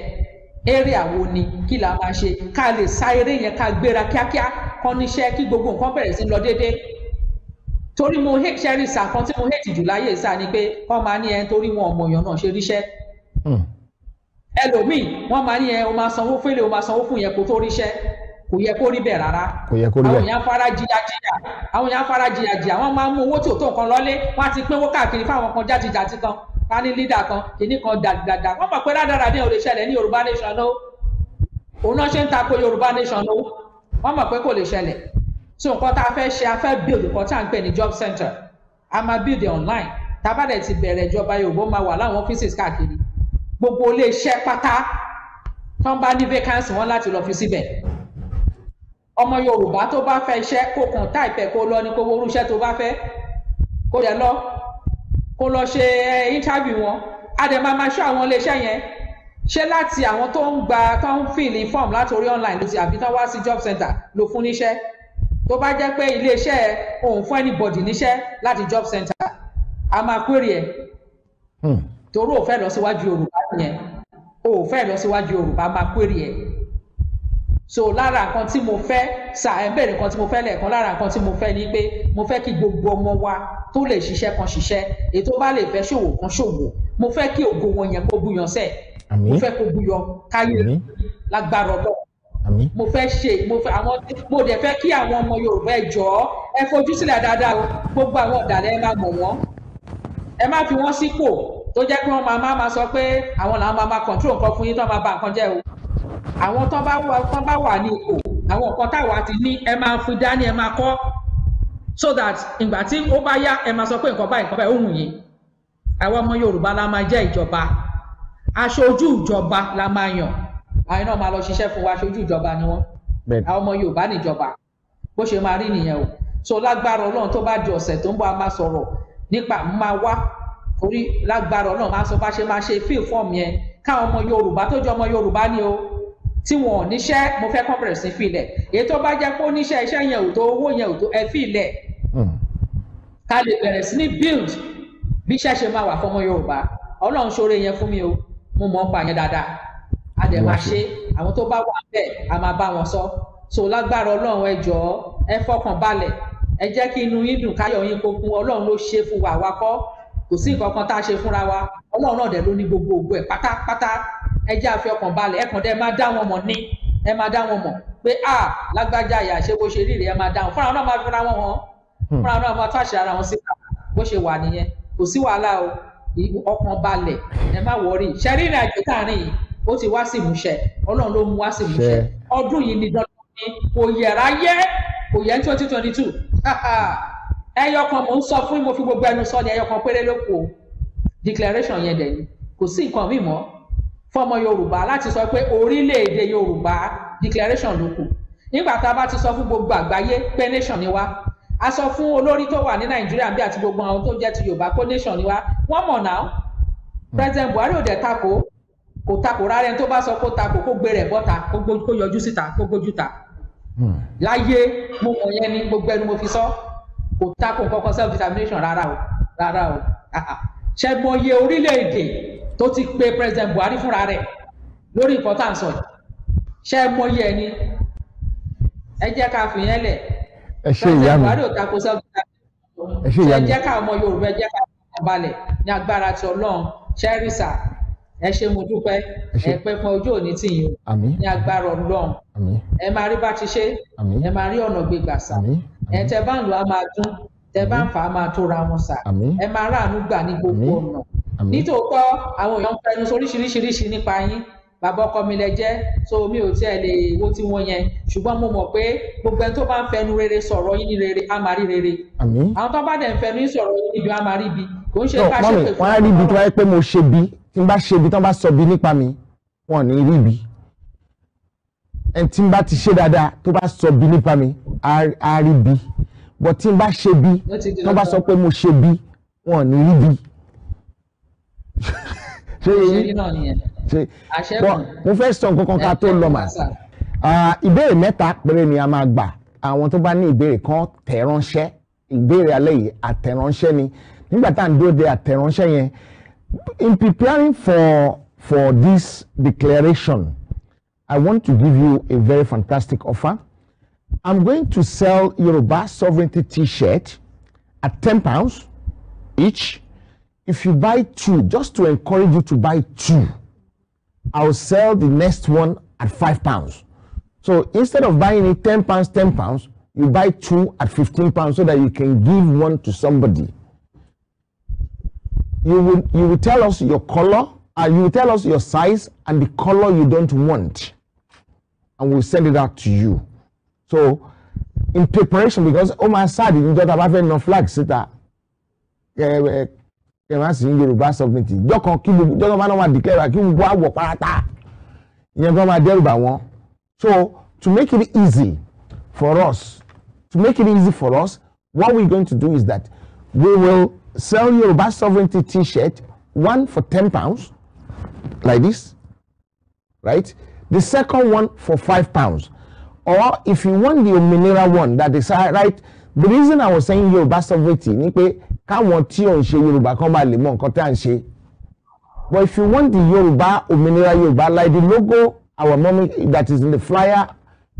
area wo ni kí la máa ṣe ká lè sá eré yẹn ká gbéra kíákíá kan níṣẹ́ kí gbogbo nǹkan bẹ̀rẹ̀ sí lọ déédéé torí mo hate sherry sá kan tí mo hate jù láyé sá ni pé wọ́n máa ní ẹni torí wọn ọmọ èèyàn náà ṣe ríṣẹ́ hmm. ẹlòmíì wọ́n máa ní ẹ o máa sanwó fún ilé o máa sanwó fún yẹn kó tó ríṣẹ́ kò yẹ kó rí bẹ́ẹ̀ rárá kò yẹ kó rí bẹ́ẹ̀ àwọn èèyàn fara jìyà jìyà àwọn èèyàn fara jìyà jìyà wọ́n máa ń mú owó tí ò tó nǹkan lọ́lé wọ́n á ti pínwó káàkiri fáwọn kan jájìjàti kan ká ní lídà kan kìíní kan dàdàdà wọ́n mọ̀ pé rádaràdà ò lè ṣẹlẹ̀ ní Yorùbá nation náà òun náà ṣe ń tako Yorùbá nation náà wọ́n mọ̀ pé kò lè ṣẹlẹ̀ so nǹkan tá a fẹ́ ṣe a fẹ́ build nǹkan tá à ń pè ní job center a máa build online tá a bá dẹ̀ ti bẹ̀rẹ̀ ìjọba Yorùbá máa wà láwọn offices káàkiri gbogbo ilé iṣẹ́ pátá tó ń bá ní vacancy wọn láti lọ fi síbẹ̀ ọmọ Yorùbá tó bá fẹ́ iṣẹ́ kó kàn táìpẹ̀ kó lọ ní kó wo irúṣẹ́ tó bá fẹ́ kó dẹ̀ lọ kó lọ ṣe interview wọn a dẹ̀ máa máa ṣọ́ àwọn ilé iṣẹ́ yẹn ṣé láti àwọn tó ń gba tó ń fìlì form láti orí online ló ti àbí tán wá sí job center ló fún níṣẹ́ tó bá jẹ́ pé iléeṣẹ́ òun fún anybody níṣẹ́ láti job center a máa query ẹ̀ hmm. torí ò fẹ́ lọ síwájú yorùbá yẹn ò fẹ́ lọ síwájú yorùbá máa query ẹ̀ so lára nǹkan tí mo fẹ́ sà ẹ̀ ń bèrè nǹkan tí mo fẹ́ lẹ́ẹ̀kan lára nǹkan tí mo fẹ́ ni pé mo fẹ́ kí gbogbo ọmọ wa tó lè ṣiṣẹ́ kan ṣiṣẹ́ èyí tó bá lè fẹ́ ṣòwò kan ṣòwò mo fẹ́ kí ògo wọn yẹn kó búyan sẹ́ẹ̀ mo fẹ́ kó buyọ káyé lágbára ọlọ́run mo fẹ́ ṣe mo fẹ́ àwọn mo dẹ̀ fẹ́ kí àwọn ọmọ Yorùbá ẹ jọ̀ọ́ ẹ fojú sílẹ̀ dáadáa o gbogbo àwọn ọ̀dàlẹ̀ ẹ máa mọ̀ wọ́n ẹ má fi wọ́n sípò tó jẹ́ pé wọ́n máa má máa sọ pé àwọn làwọn máa máa control nǹkan fún yín tó máa bà nǹkan jẹ́ o àwọn tó bá wà tó bá wà ní ipò àwọn nǹkan táwa ti ní ẹ máa fi dání ẹ máa kọ́ so that ìgbà tí ó bá yá ẹ máa sọ pé nǹkan báyìí nǹkan báyìí ó wù yín àwọn ọmọ Yorùbá la máa jẹ́ ìjọba aṣojú ìjọba la máa yàn àyìn náà máa lọ ṣiṣẹ́ fún wa aṣojú ìjọba ni wọ́n àwọn ọmọ Yorùbá níjọba bó ṣe máa rí nìyẹn o so lágbára Ọlọ́run tó bá di ọ̀sẹ̀ tó ń bọ̀ a máa sọ̀rọ̀ nípa máa wá orí lágbára Ọlọ́run máa sọ bá ṣe máa ṣe fíì fọ́ọ̀m yẹn káwọn ọmọ Yorùbá tó jẹ́ ọmọ Yorùbá ni o tí wọn ò mo fẹ́ kọ́ bẹ̀rẹ̀ sí filẹ̀ èyí tó bá jẹ́ pé ó níṣẹ́ iṣẹ́ yẹn ò tó owó yẹn ò tó ẹ filẹ̀ hmm. ká lè bẹ̀rẹ̀ sí ní build bí iṣẹ́ ṣe máa wà fọmọ Yorùbá Ọlọ́run ṣoore yẹn fún mi o mo mọ̀ pa yẹn dáadáa a dẹ̀ máa ṣe àwọn tó bá wà bẹ́ẹ̀ a máa bá wọn sọ so lágbára ọlọ́run ẹ jọ̀ọ́ ẹ fọkàn balẹ̀ ẹ jẹ́ kí inú yín dùn káyọ̀ yín kó kún ọlọ́run ló ṣe fún wa wa kọ́ kò sí nǹkan kan tá a ṣe fúnra wa ọlọ́run náà dẹ̀ ló ní gbogbo ògbó ẹ̀ pátápátá ẹ jẹ́ àfi ọkàn balẹ̀ ẹ kàn dẹ́ máa dá wọn mọ̀ ní ẹ máa dá wọn mọ̀ pé a lágbájá ìyá ṣe bó ṣe rí rèé ẹ máa dá wọn fúnra wọn náà máa fúnra wọn hàn hmm. fúnra wọn náà máa tó àṣírí ara wọn síta bó ṣe wà nìyẹn kò sí wàhálà o ọkàn balẹ̀ ẹ má wọrí ṣẹ́rí ìrìn àjò táàrin yìí ó ti wá sí ìmúṣẹ ọlọ́run ló mú wá sí ìmúṣẹ ọdún yìí ni dandan ni kò yẹra yẹ kò yẹ twenty twenty two ẹyọkan mò ń sọ fún mo fi gbogbo ẹnu sọ ni ẹyọkan péré ló kù declaration yẹn dẹ̀ ni kò sí nǹkan mi mọ́ fọmọ yorùbá láti sọ pé orílẹ̀-èdè yorùbá declaration ló kù nígbà tá a bá ti sọ fún gbogbo àgbáyé pé nation ni wá a sọ fún olórí tó wà ní nàìjíríà bí àti gbogbo àwọn tó jẹ́ ti yorùbá kó nation ni wá wọ́n mọ̀ náà president buhari ò dẹ̀ takò kò takò rárá ẹni tó bá sọ kó takò kó gbé rẹ̀ bọ́ta kó yọjú síta kó gbójú ta hmm. láyé mo mọ̀ yẹn ni gbogbo ẹnu mo fi sọ kò takò kankan self determination rárá o rárá o ṣe mọ iye orílẹ̀-èdè tó ti pe president buhari fúnra rẹ̀ lórí nǹkan tá à ń sọ yìí ẹni ẹ jẹ́ ká fìyẹn lẹ̀ ẹ ṣe ìyá mi ẹ ṣe ìyá mi ẹ jẹ́ ká ọmọ Yorùbá ẹ jẹ́ ká ọmọ balẹ̀ ní agbára ti Ọlọ́run ṣẹ́rìṣà ẹ ṣe mo dúpẹ́ ẹ pẹ́ pọn ojú òní tì yín o ní agbára Ọlọ́run ẹ máa rí bá ti ṣe ẹ máa rí ọ̀nà gbégbà sá ẹ tẹ bá ń lò á máa dún tẹ bá ń fà á máa tóra wọn sá ẹ máa ráàánú gbà ní gbogbo ọ̀nà nítòótọ́ àwọn èèyàn ń fẹnu sọ oríṣiríṣiríṣi nípa yín bàbá ọkọ mi lẹ jẹ́ so mi ò tiẹ̀ lè wo ti wọn yẹn ṣùgbọ́n mo mọ̀ pé gbogbo ẹni tó bá ń fẹnu rere sọ̀rọ̀ yín ní rere á máa rí rere àwọn tó bá dẹ̀ ń fẹnu yín sọ̀rọ̀ yín níbi á máa rí ibi kò ń ṣe ká ṣe pé fún wọn. wọ́n á rí ibi tó wáyé pé mo ṣe bí tí n bá ṣe bí tí wọ́n bá sọ bí nípa mi wọn ò ní rí ibi ẹni tí n bá ti ṣe dáadáa tó bá sọ bí nípa mi á rí ibi bọ̀ tí n bá ṣe bí tí wọ́n bá sọ pé mo ṣe bí wọn ò ní rí ibi. ṣé èyí náà nìyẹn mo fẹ́ sọ nǹkan kan ká tó lọ mà ìbéèrè mẹ́ta péré ni a máa gbà àwọn tó bá ní ìbéèrè kan tẹ̀ ránṣẹ́ ìbéèrè alẹ́ yìí àtẹ̀ránṣẹ́ ni nígbà tá à ń dúró de àtẹ̀ránṣẹ́ yẹn in preparing for for this declaration I want to give you a very fantastic offer I'm going to sell Yoruba sovereignty t-shirt at ten pounds each if you buy two just to encourage you to buy two I'll sell the next one at five pounds. So instead of buying it 10 pounds, 10 pounds, you buy two at 15 pounds so that you can give one to somebody. You will, you will tell us your color, uh, you will tell us your size and the color you don't want. And we'll send it out to you. So in preparation, because ó oh, my side, you tá a bá fẹ́ na flag kẹ máa sìn yorùbá sovereignty jọkan kí gbogbo jọkan bá náà máa dìkẹ́ra kí gbogbo àwọ̀ pátá ìyẹn kan máa dẹ́rùbà wọn so to make it easy for us to make it easy for us what we're going to do is that we will sell yorùbá sovereignty t-shirt one for ten pounds like this right the second one for five pounds or if you want the òmìnira one that is uh, right the reason i was saying yorùbá sovereignty ni pé káwọn tí ò ń ṣe Yorùbá kan bá lè mọ nǹkan tá à ń ṣe but if you want the Yorùbá òmìnira Yorùbá like the logo our mummy that is in the flyer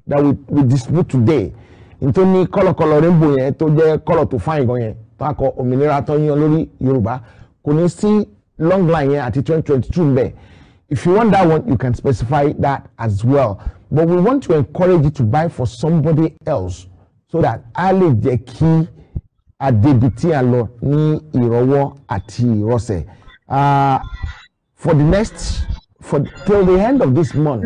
that we we distribute today nítorí ní kọ́lọ̀kọ́lọ̀ rainbow yẹn tó jẹ́ kọ́lọ̀ tó fáyìn gan yẹn tó akọ òmìnira tó yan lórí Yorùbá kò ní sí long line yẹn àti twenty twenty two mbẹ if you want that one you can specify that as well but we want to encourage you to buy for somebody else so that a lè jẹ́ kí adébi tí a lọ ní ìrọwọ́ àti ìrọsẹ̀ uh, for the next for till the end of this month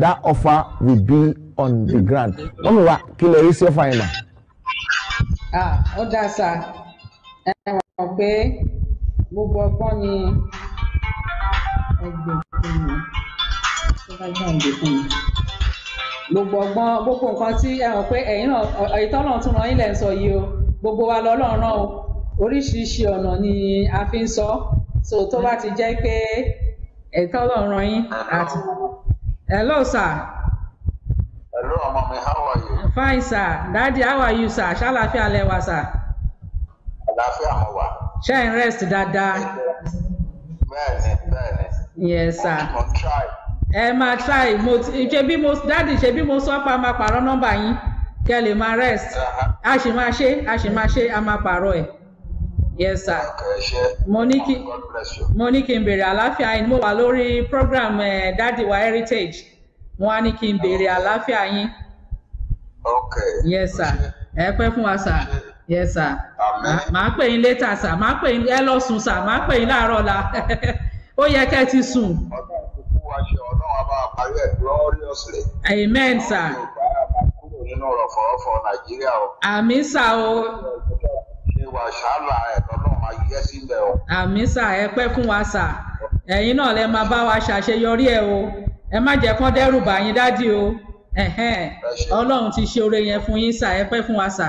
that offer will be on the ground wọ́n mi wá kí lè rí sí ọ̀fà yẹn náà. Ah, ó dáa sá ẹ wọ̀ pé gbogbo ọgbọ́n ni ẹgbẹ́ fún mi tó bá gbà ẹgbẹ́ gbogbo ọgbọ́n gbogbo nǹkan tí ẹ hàn pé ẹ̀yin náà ìtọ́nà tún ràn yín lẹ́ ń sọ yìí o gbogbo wa lọ́lọ́run o oríṣiríṣi ọ̀nà ni a fi ń sọ so tó bá ti jẹ́ pé ẹ̀tọ́ lọ́rùn yín àti. hello sir. hello ọmọ mi how are you. fine sir daddy how are you sir ṣàlàáfíà lẹ́wà sir. àlàáfíà mo wà. ṣé ẹ̀ ń rest dáadáa. bẹ́ẹ̀ni bẹ́ẹ̀ni. yes sir. mo try. ẹ máa try mo ṣe bí mo daddy ṣe bí mo sọ pa máa pààrọ̀ nọ́mbà yín. kí a lè máa rest a sì máa ṣe a sì máa ṣe a máa pààrọ̀ yes sir mo ní kí oh, mo ní n béèrè àlàáfíà yín mo wà lórí program eh, dadi wa heritage wọn á ní kí n béèrè àlàáfíà yín yes sir ẹ pẹ́ fún wa sir yes sir màá pè yín later sir màá pè yín ẹ lọ sùn sir màá pè yín láàárọ̀ ọ̀la ó yẹ kẹ́ ti sùn. amen sir. nínú ọ̀rọ̀ fọ̀rọ̀fọ̀ nàìjíríà o. àmì sà o. ṣé wàá ṣáàlà ẹ̀rọ náà máa yẹ sílẹ̀ o. àmì sà ẹ pẹ́ fún wa sà ẹ̀yin náà lẹ máa bá wa ṣàṣeyọrí ẹ o ẹ má jẹ́ kán dẹ́rù bà yín dádì o ọlọ́run ti ṣe oore yẹn fún yín sà ẹ pẹ́ fún wa sà.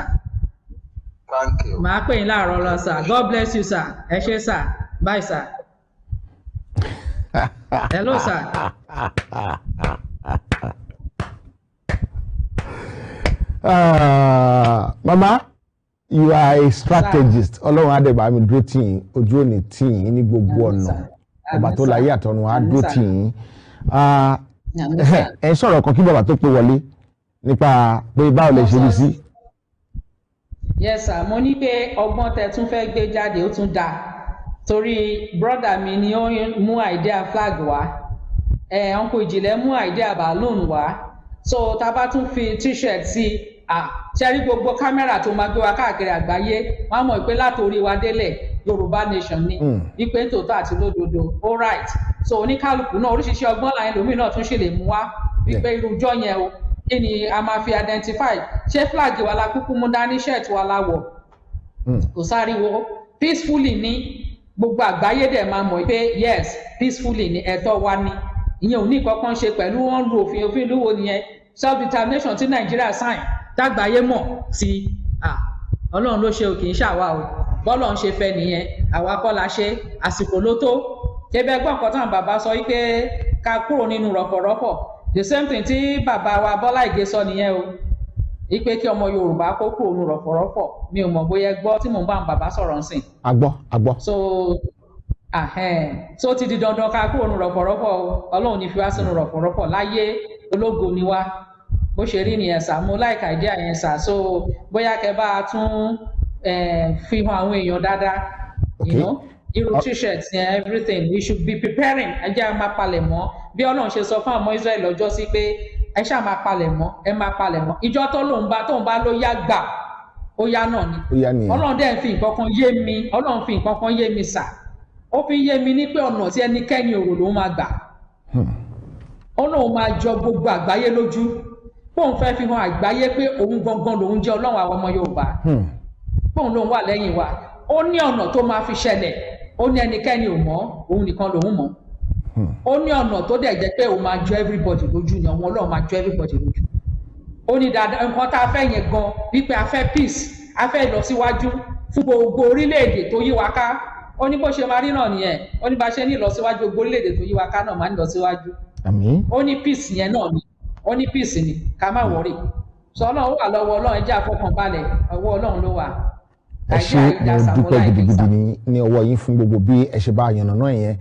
màá pè yín láàárọ̀ lọ sà God bless you sà ẹ ṣé sà bye sà. Hello sà. Ah, mama you are a strategist ọlọ́run adébámi dúró tì yín ojú òní tì yín ní gbogbo ọ̀nà ọba tó láyé àtọ̀run á dúró tì yín ah, ẹ sọ̀rọ̀ kan kí bàbá tó pé wọlé nípa pé báwo lè ṣe rí sí. yes sir mo ní pé ọgbọ́n tẹ tún fẹ́ gbé jáde ó tún dáa torí brọ́dà mi ni ó mú idea flag wá ẹ̀ ọkọ̀ ìjìnlẹ̀ mú idea balloon wá so tá a bá tún fi t-shirt sí i ṣẹ́rí gbogbo kámẹ́rà tó máa gbé wa káàkiri àgbáyé wọ́n á mọ̀ pé látòrí wa délẹ̀ yorùbá nation ni hmm. wípé tòótọ́ àti lódodo all right so oníkálukú náà oríṣiríṣi ọgbọ́n láyé lómi náà tún ṣe lè mú wá wípé irújọ́ yẹn o kí ni a máa fi identify ṣé flag wa la kúkú mú dání shirt wa la wọ̀ hmm. kò sáriwo peacefully ni gbogbo àgbáyé dẹ̀ máa mọ̀ pé yes peacefully ni ẹ̀tọ́ wa ni ìyẹn ò ní kankan ṣe pẹ̀lú wọn lu òfin òfin ìlú wo nìyẹn self determination ti nàìjíríà sign tágbàáyé mọ̀ sí ọlọ́run ló ṣe o kì í ṣàwa o bọ́lọ̀ ń ṣe fẹ́ nìyẹn àwa kọ́ la ṣe àsìkò ló tó tẹ́bẹ́ gbọ́n táwọn bàbá sọ wípé ká kúrò nínú rọ̀pọ̀rọ̀pọ̀ the same thing tí bàbá wa Bọ́lá Ìgè sọ nìyẹn o wípé kí ọmọ Yorùbá kó kúrò nínú rọ̀pọ̀rọ̀pọ̀ mi ò mọ̀ bóyá gbọ́ tí mò ń bá àwọn bàbá sọ̀rọ̀ ń sìn. àgbọ̀ àgbọ̀. so ahẹ́n so ti di dandan ká kúrò nínú rọ̀pọ̀rọ̀pọ̀ o Ọlọ́run ní fi wá sínú rọ̀pọ̀rọ̀pọ̀ láyé ológo ni wá bó ṣe rí nìyẹn sà mo like idea yẹn sà so bóyá kẹ bá a tún fi hàn àwọn èèyàn dáadáa irú uh, t-shirt yẹn everything we should be preparing ẹ jẹ́ a máa palẹ̀ mọ́ bí ọlọ́run ṣe sọ fún àwọn Israel lọ́jọ́ sí pé ẹ ṣáà máa palẹ̀ mọ́ ẹ máa palẹ̀ mọ́ ìjọ tó lòun bá tóun bá ló yá gbà ó yá náà ni ọlọ́run dẹ̀ fi nǹkan kan yé mi ọlọ́run fi nǹkan kan yé mi sà ó fi yé mi ní pé ọ̀nà tí ẹnikẹ́ni òrò ló máa gbà ó hmm. lóun máa jọ gbogbo àgbáyé lójú bóun fẹ́ fi hàn àgbáyé pé òun gangan lòun jẹ́ ọlọ́run àwọn ọmọ yorùbá bóun hmm. lòun wà lẹ́yìn wa ó ní ọ̀nà tó máa fi ṣẹlẹ̀ ó ní ẹnikẹ́ni ò mọ̀ òun nìkan lòun mọ̀ hmm. ó ní ọ̀nà tó dẹ̀ jẹ́ pé òun máa jọ everybody lójú ni àwọn ọlọ́run máa jọ everybody lójú ó ní dáadáa nǹkan tá a fẹ́ yẹn gan wípé a fẹ́ peace a fẹ́ ìlọsíwájú fún gbogbo orílẹ̀-èdè tó yí wa ká ó ní bó ṣe máa rí náà nìyẹn ó ní bá ṣe ní ìlọsíwájú gbogbo orílẹ̀-èdè tó yí wa ká náà máa ń lọ síwájú ó ní peace yẹn náà ni ó ní píìsì ni ká má wọrí sọ ọlọ́run wà lọ́wọ́ ọlọ́run ẹjẹ́ àfọkànbalẹ̀ ọwọ́ ọlọ́run ló wà. ẹ ṣe mo dúpẹ́ gidigidi ní ní ọwọ́ yín fún gbogbo bí ẹ ṣe bá yànnà náà yẹn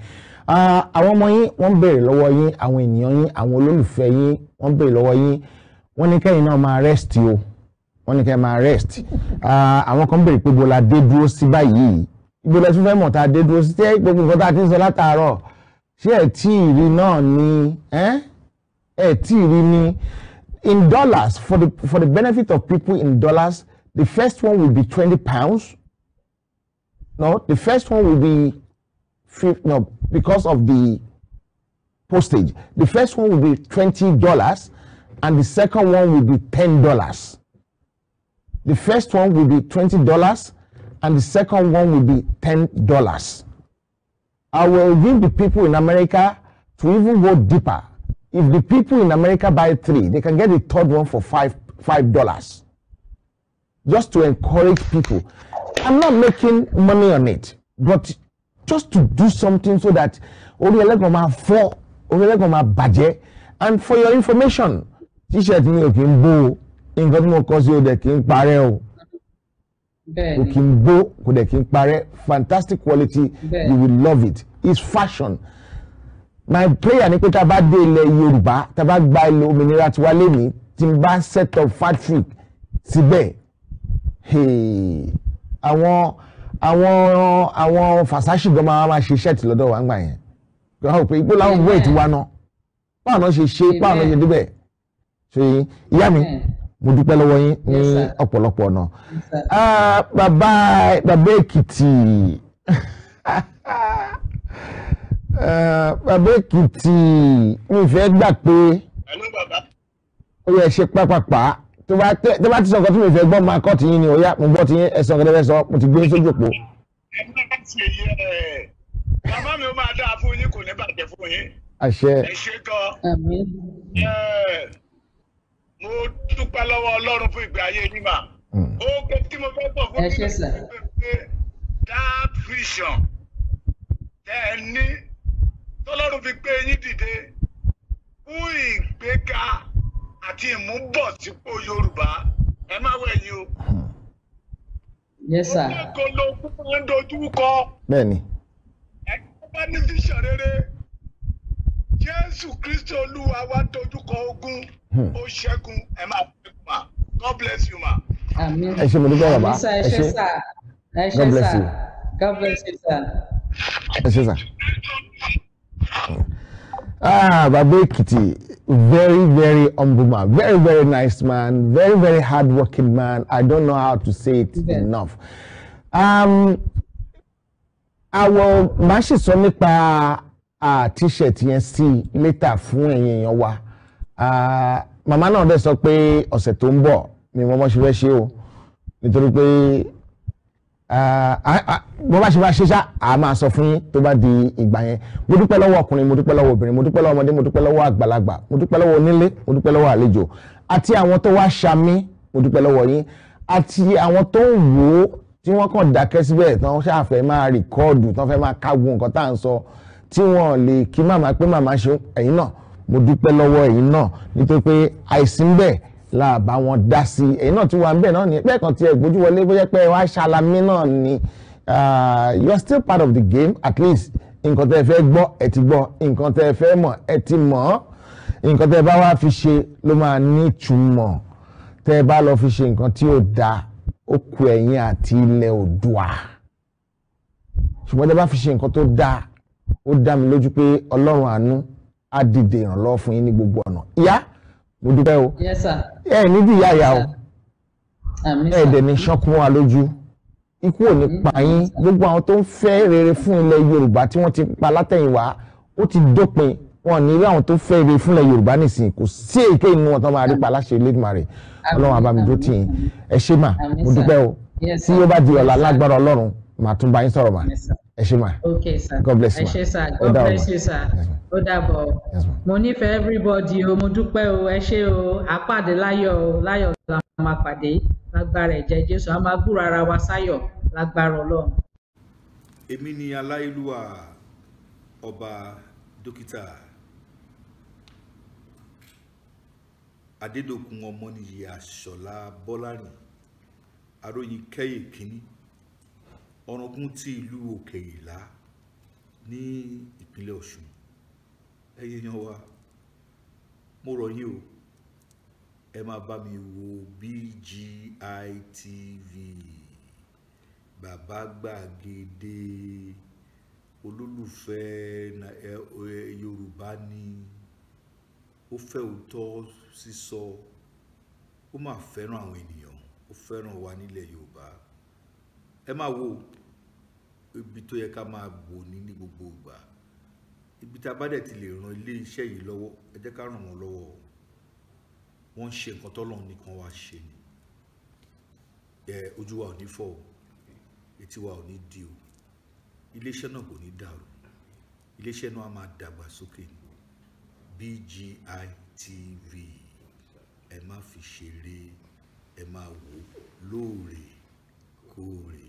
àwọn ọmọ yín wọ́n béèrè lọ́wọ́ yín àwọn ènìyàn yín àwọn olólùfẹ́ yín wọ́n béèrè lọ́wọ́ yín wọ́n ní kẹ́yìn náà máa rest o wọ́n ní kẹ́yìn máa rest àwọn kan béèrè pé bọ́lá dé dúró sí báyìí ìgbọ́lá tún fẹ́ mọ̀ tá a dé dúró sí tẹ́ gbogbo nǹkan tá a ti ń sọ látàárọ̀ ṣé ẹ̀ tí ì rí náà ni ẹ́. Eh? in dollars for the for the benefit of people in dollars the first one will be twenty pounds no the first one will be no because of the postage the first one will be twenty dollars and the second one will be ten dollars the first one will be twenty dollars and the second one will be ten dollars. I will give the people in America to even go deeper if the people in America buy three, they can get the third one for five five dollars. Just to encourage people. I'm not making money on it, but just to do something so that Orielekan máa fọ́ Orielekan máa bàjẹ́ and for your information t-shirt mi ò kì tí mo kọ sí o dẹ̀ kì í parẹ́ o kò kò dẹ̀ kì í parẹ́ fantastic quality you will love it it's fashion my prayer ni pé tá a bá dé ilẹ̀ Yorùbá tá a bá gba ilẹ̀ òmìnira tiwa lẹ́ni tí n bá set up factory síbẹ̀ àwọn àwọn àwọn fàṣáṣì gan máa ṣe ṣẹ́ẹ̀tì lọ́dọ̀ wa ń gbà yẹn gbọ́dọ̀ pé ipò làwọn wẹ̀ ti wá náà páànà ṣe ṣe páànà ṣe débẹ̀ ṣe ìyá mi mo dúpẹ́ lọ́wọ́ yín ní ọ̀pọ̀lọpọ̀ ọ̀nà ah, bàbá bàbá Èkìtì. Eh, bàbá èkìtì mi fẹ́ gbà pé ó yẹ ṣe pápápá tó bá ti sọ nǹkan tí mi fẹ́ gbọ́ máa kọ́ tiyín ni ó yá mo gbọ́ tiyín ẹ̀sán kẹ́tẹ́ sọ mo ti gbé sójú òpó. ẹ má ṣe yẹ ẹ bàbá mi ó máa dáa fún yín kò ní bàjẹ́ fún yín. àṣẹ ẹ ṣe gan eh, mo dúpẹ́ lọ́wọ́ ọlọ́run fún ìgbé ayé yín mà ó hmm. pé tí mo fẹ́ pọ̀ fún mi ní pé that vision ẹ ní tọ́lọ́run fi gbé yín dìde fún ìgbéga àti ìmúbọ̀sípò Yorùbá ẹ má wẹ̀yìn o. yes ó ní kó ló kúkú ń dojú kọ. bẹ́ẹ̀ni. ẹ bá ní fíṣàn rere Jésù Kristi Olúwa wa dojú kọ ogun hmm. ó ṣẹ́gun ẹ máa fẹ́ kùmà God bless you ma. àmín ẹ ṣe mo dúpẹ́ bàbá ẹ ṣe God bless you. God bless you sir. ẹ ṣe sir ah baba Ekiti very very humble man very very nice man very very hardworking man I don't know how to say it yeah. enough. Um, àwọn máa ṣe sọ nípa t-shirt yẹn sí later fún ẹ̀yin èèyàn wa màmá náà dẹ̀ sọ pé ọ̀sẹ̀ tó ń bọ̀ ni mo mọ̀ ṣe fẹ́ ṣe o nítorí pé Ah, ah, ah, bó bá ṣe bá ṣe ṣá a máa sọ fún yín tó bá di ìgbà yẹn mo dúpẹ́ lọ́wọ́ ọkùnrin mo dúpẹ́ lọ́wọ́ obìnrin mo dúpẹ́ lọ́wọ́ ọmọdé mo dúpẹ́ lọ́wọ́ àgbàlagbà mo dúpẹ́ lọ́wọ́ onílé mo dúpẹ́ lọ́wọ́ àlejò àti àwọn tó wá ṣamí mo dúpẹ́ lọ́wọ́ yín àti àwọn tó ń wò ó tí wọ́n kàn dákẹ́ síbẹ̀ tán ṣáàfẹ́ máa rìkọ́ọ̀dù tán fẹ́ máa kágun nǹkan tá à ń sọ tí wọ́n lè kí màmá pé màmá ṣe ẹ̀yin náà mo dúpẹ́ lọ́wọ́ ẹ̀yin náà nítorí pé àìsí ń bẹ́ẹ̀ láàbá wọn dá sí èyí náà tí wọn bẹ́ẹ̀ náà ní bẹ́ẹ̀ kan tiẹ̀ gbójú wọlé bóyá pé wàá ṣàlàmì náà ni uh, you are still part of the game at least nǹkan tẹ́ ẹ fẹ́ gbọ́ ẹ ti gbọ́ nǹkan tẹ́ ẹ fẹ́ mọ̀ ẹ ti mọ̀ nǹkan tẹ́ bá wá fi ṣe ló máa ní ìtumọ̀ tẹ́ bá lọ fi ṣe nǹkan tí ó da ó kù ẹ̀yìn àti ilẹ̀ Oòduà ṣùgbọ́n tẹ́ ẹ bá fi ṣe nǹkan tó da ó dá mi lójú pé Ọlọ́run àánú á dìde ìrànlọ́wọ́ fún yín ní gbogbo ọ̀nà ìyá. Yeah? mo dúpẹ́ o ẹ nídìí ìyá ìyá o ẹ dẹ̀ ní sán kún wa lójú ikú ò ní pa yín gbogbo àwọn tó ń fẹ́ rere fún ilẹ̀ Yorùbá tí wọ́n ti pa látẹ̀yìnwá ó ti dópin wọn ní irú àwọn tó fẹ́ rere fún ilẹ̀ Yorùbá nìsín kò sí èké inú wọn tó máa rí pa láṣẹ Elédùmarè Ọlọ́run àbámidó tì yín ẹ ṣé mà mo dúpẹ́ o tí yóò bá di ọ̀la lágbára Ọlọ́run màá tún bá yín sọ̀rọ̀ mà ẹ ma okay sir god bless you ma sir god bless you sir ó dàbọ̀ mo nífẹ̀ẹ́ everybody o mo dúpẹ́ o ẹ ṣé o àpàdé láyọ̀ o láyọ̀ la máa pàdé lágbára ẹ̀jẹ̀ jésù a máa gbúra ara wa sáyọ̀ lágbára ọlọ́run. èmi ni aláìlúwà ọba dókítà adédọ̀kun ọmọnìyí àṣọlá bọ́lárìn aróyin kẹ́yìn kínní ọ̀ràngún ti ìlú òkè ìlá ní ìpínlẹ̀ ọ̀ṣun ẹ̀yẹ yan wa mo rọ̀ yín o ẹ máa bá mi wo BGI TV bàbá gbàgede olólùfẹ́ yorùbá ni ó fẹ́ òótọ́ sísọ ó máa fẹ́ràn àwọn ènìyàn ó fẹ́ràn wa nílẹ̀ yorùbá ẹ máa wo ibi tó yẹ ká máa bò ní ní gbogbo ìgbà ibi tá a bá dẹ̀ ti lè ran ilé iṣẹ́ yìí lọ́wọ́ ẹ jẹ́ ká ràn wọ́n lọ́wọ́ wọ́n ń ṣe nǹkan tọ́lọ́run nìkan wá ṣe ni ẹ ojú wa ò ní fọ́ o etí wa ò ní di o iléeṣẹ́ náà kò ní dàrú iléeṣẹ́ náà á máa dàgbà sókè BGI TV ẹ má fi ṣeré ẹ máa wò lóòrèkóòrè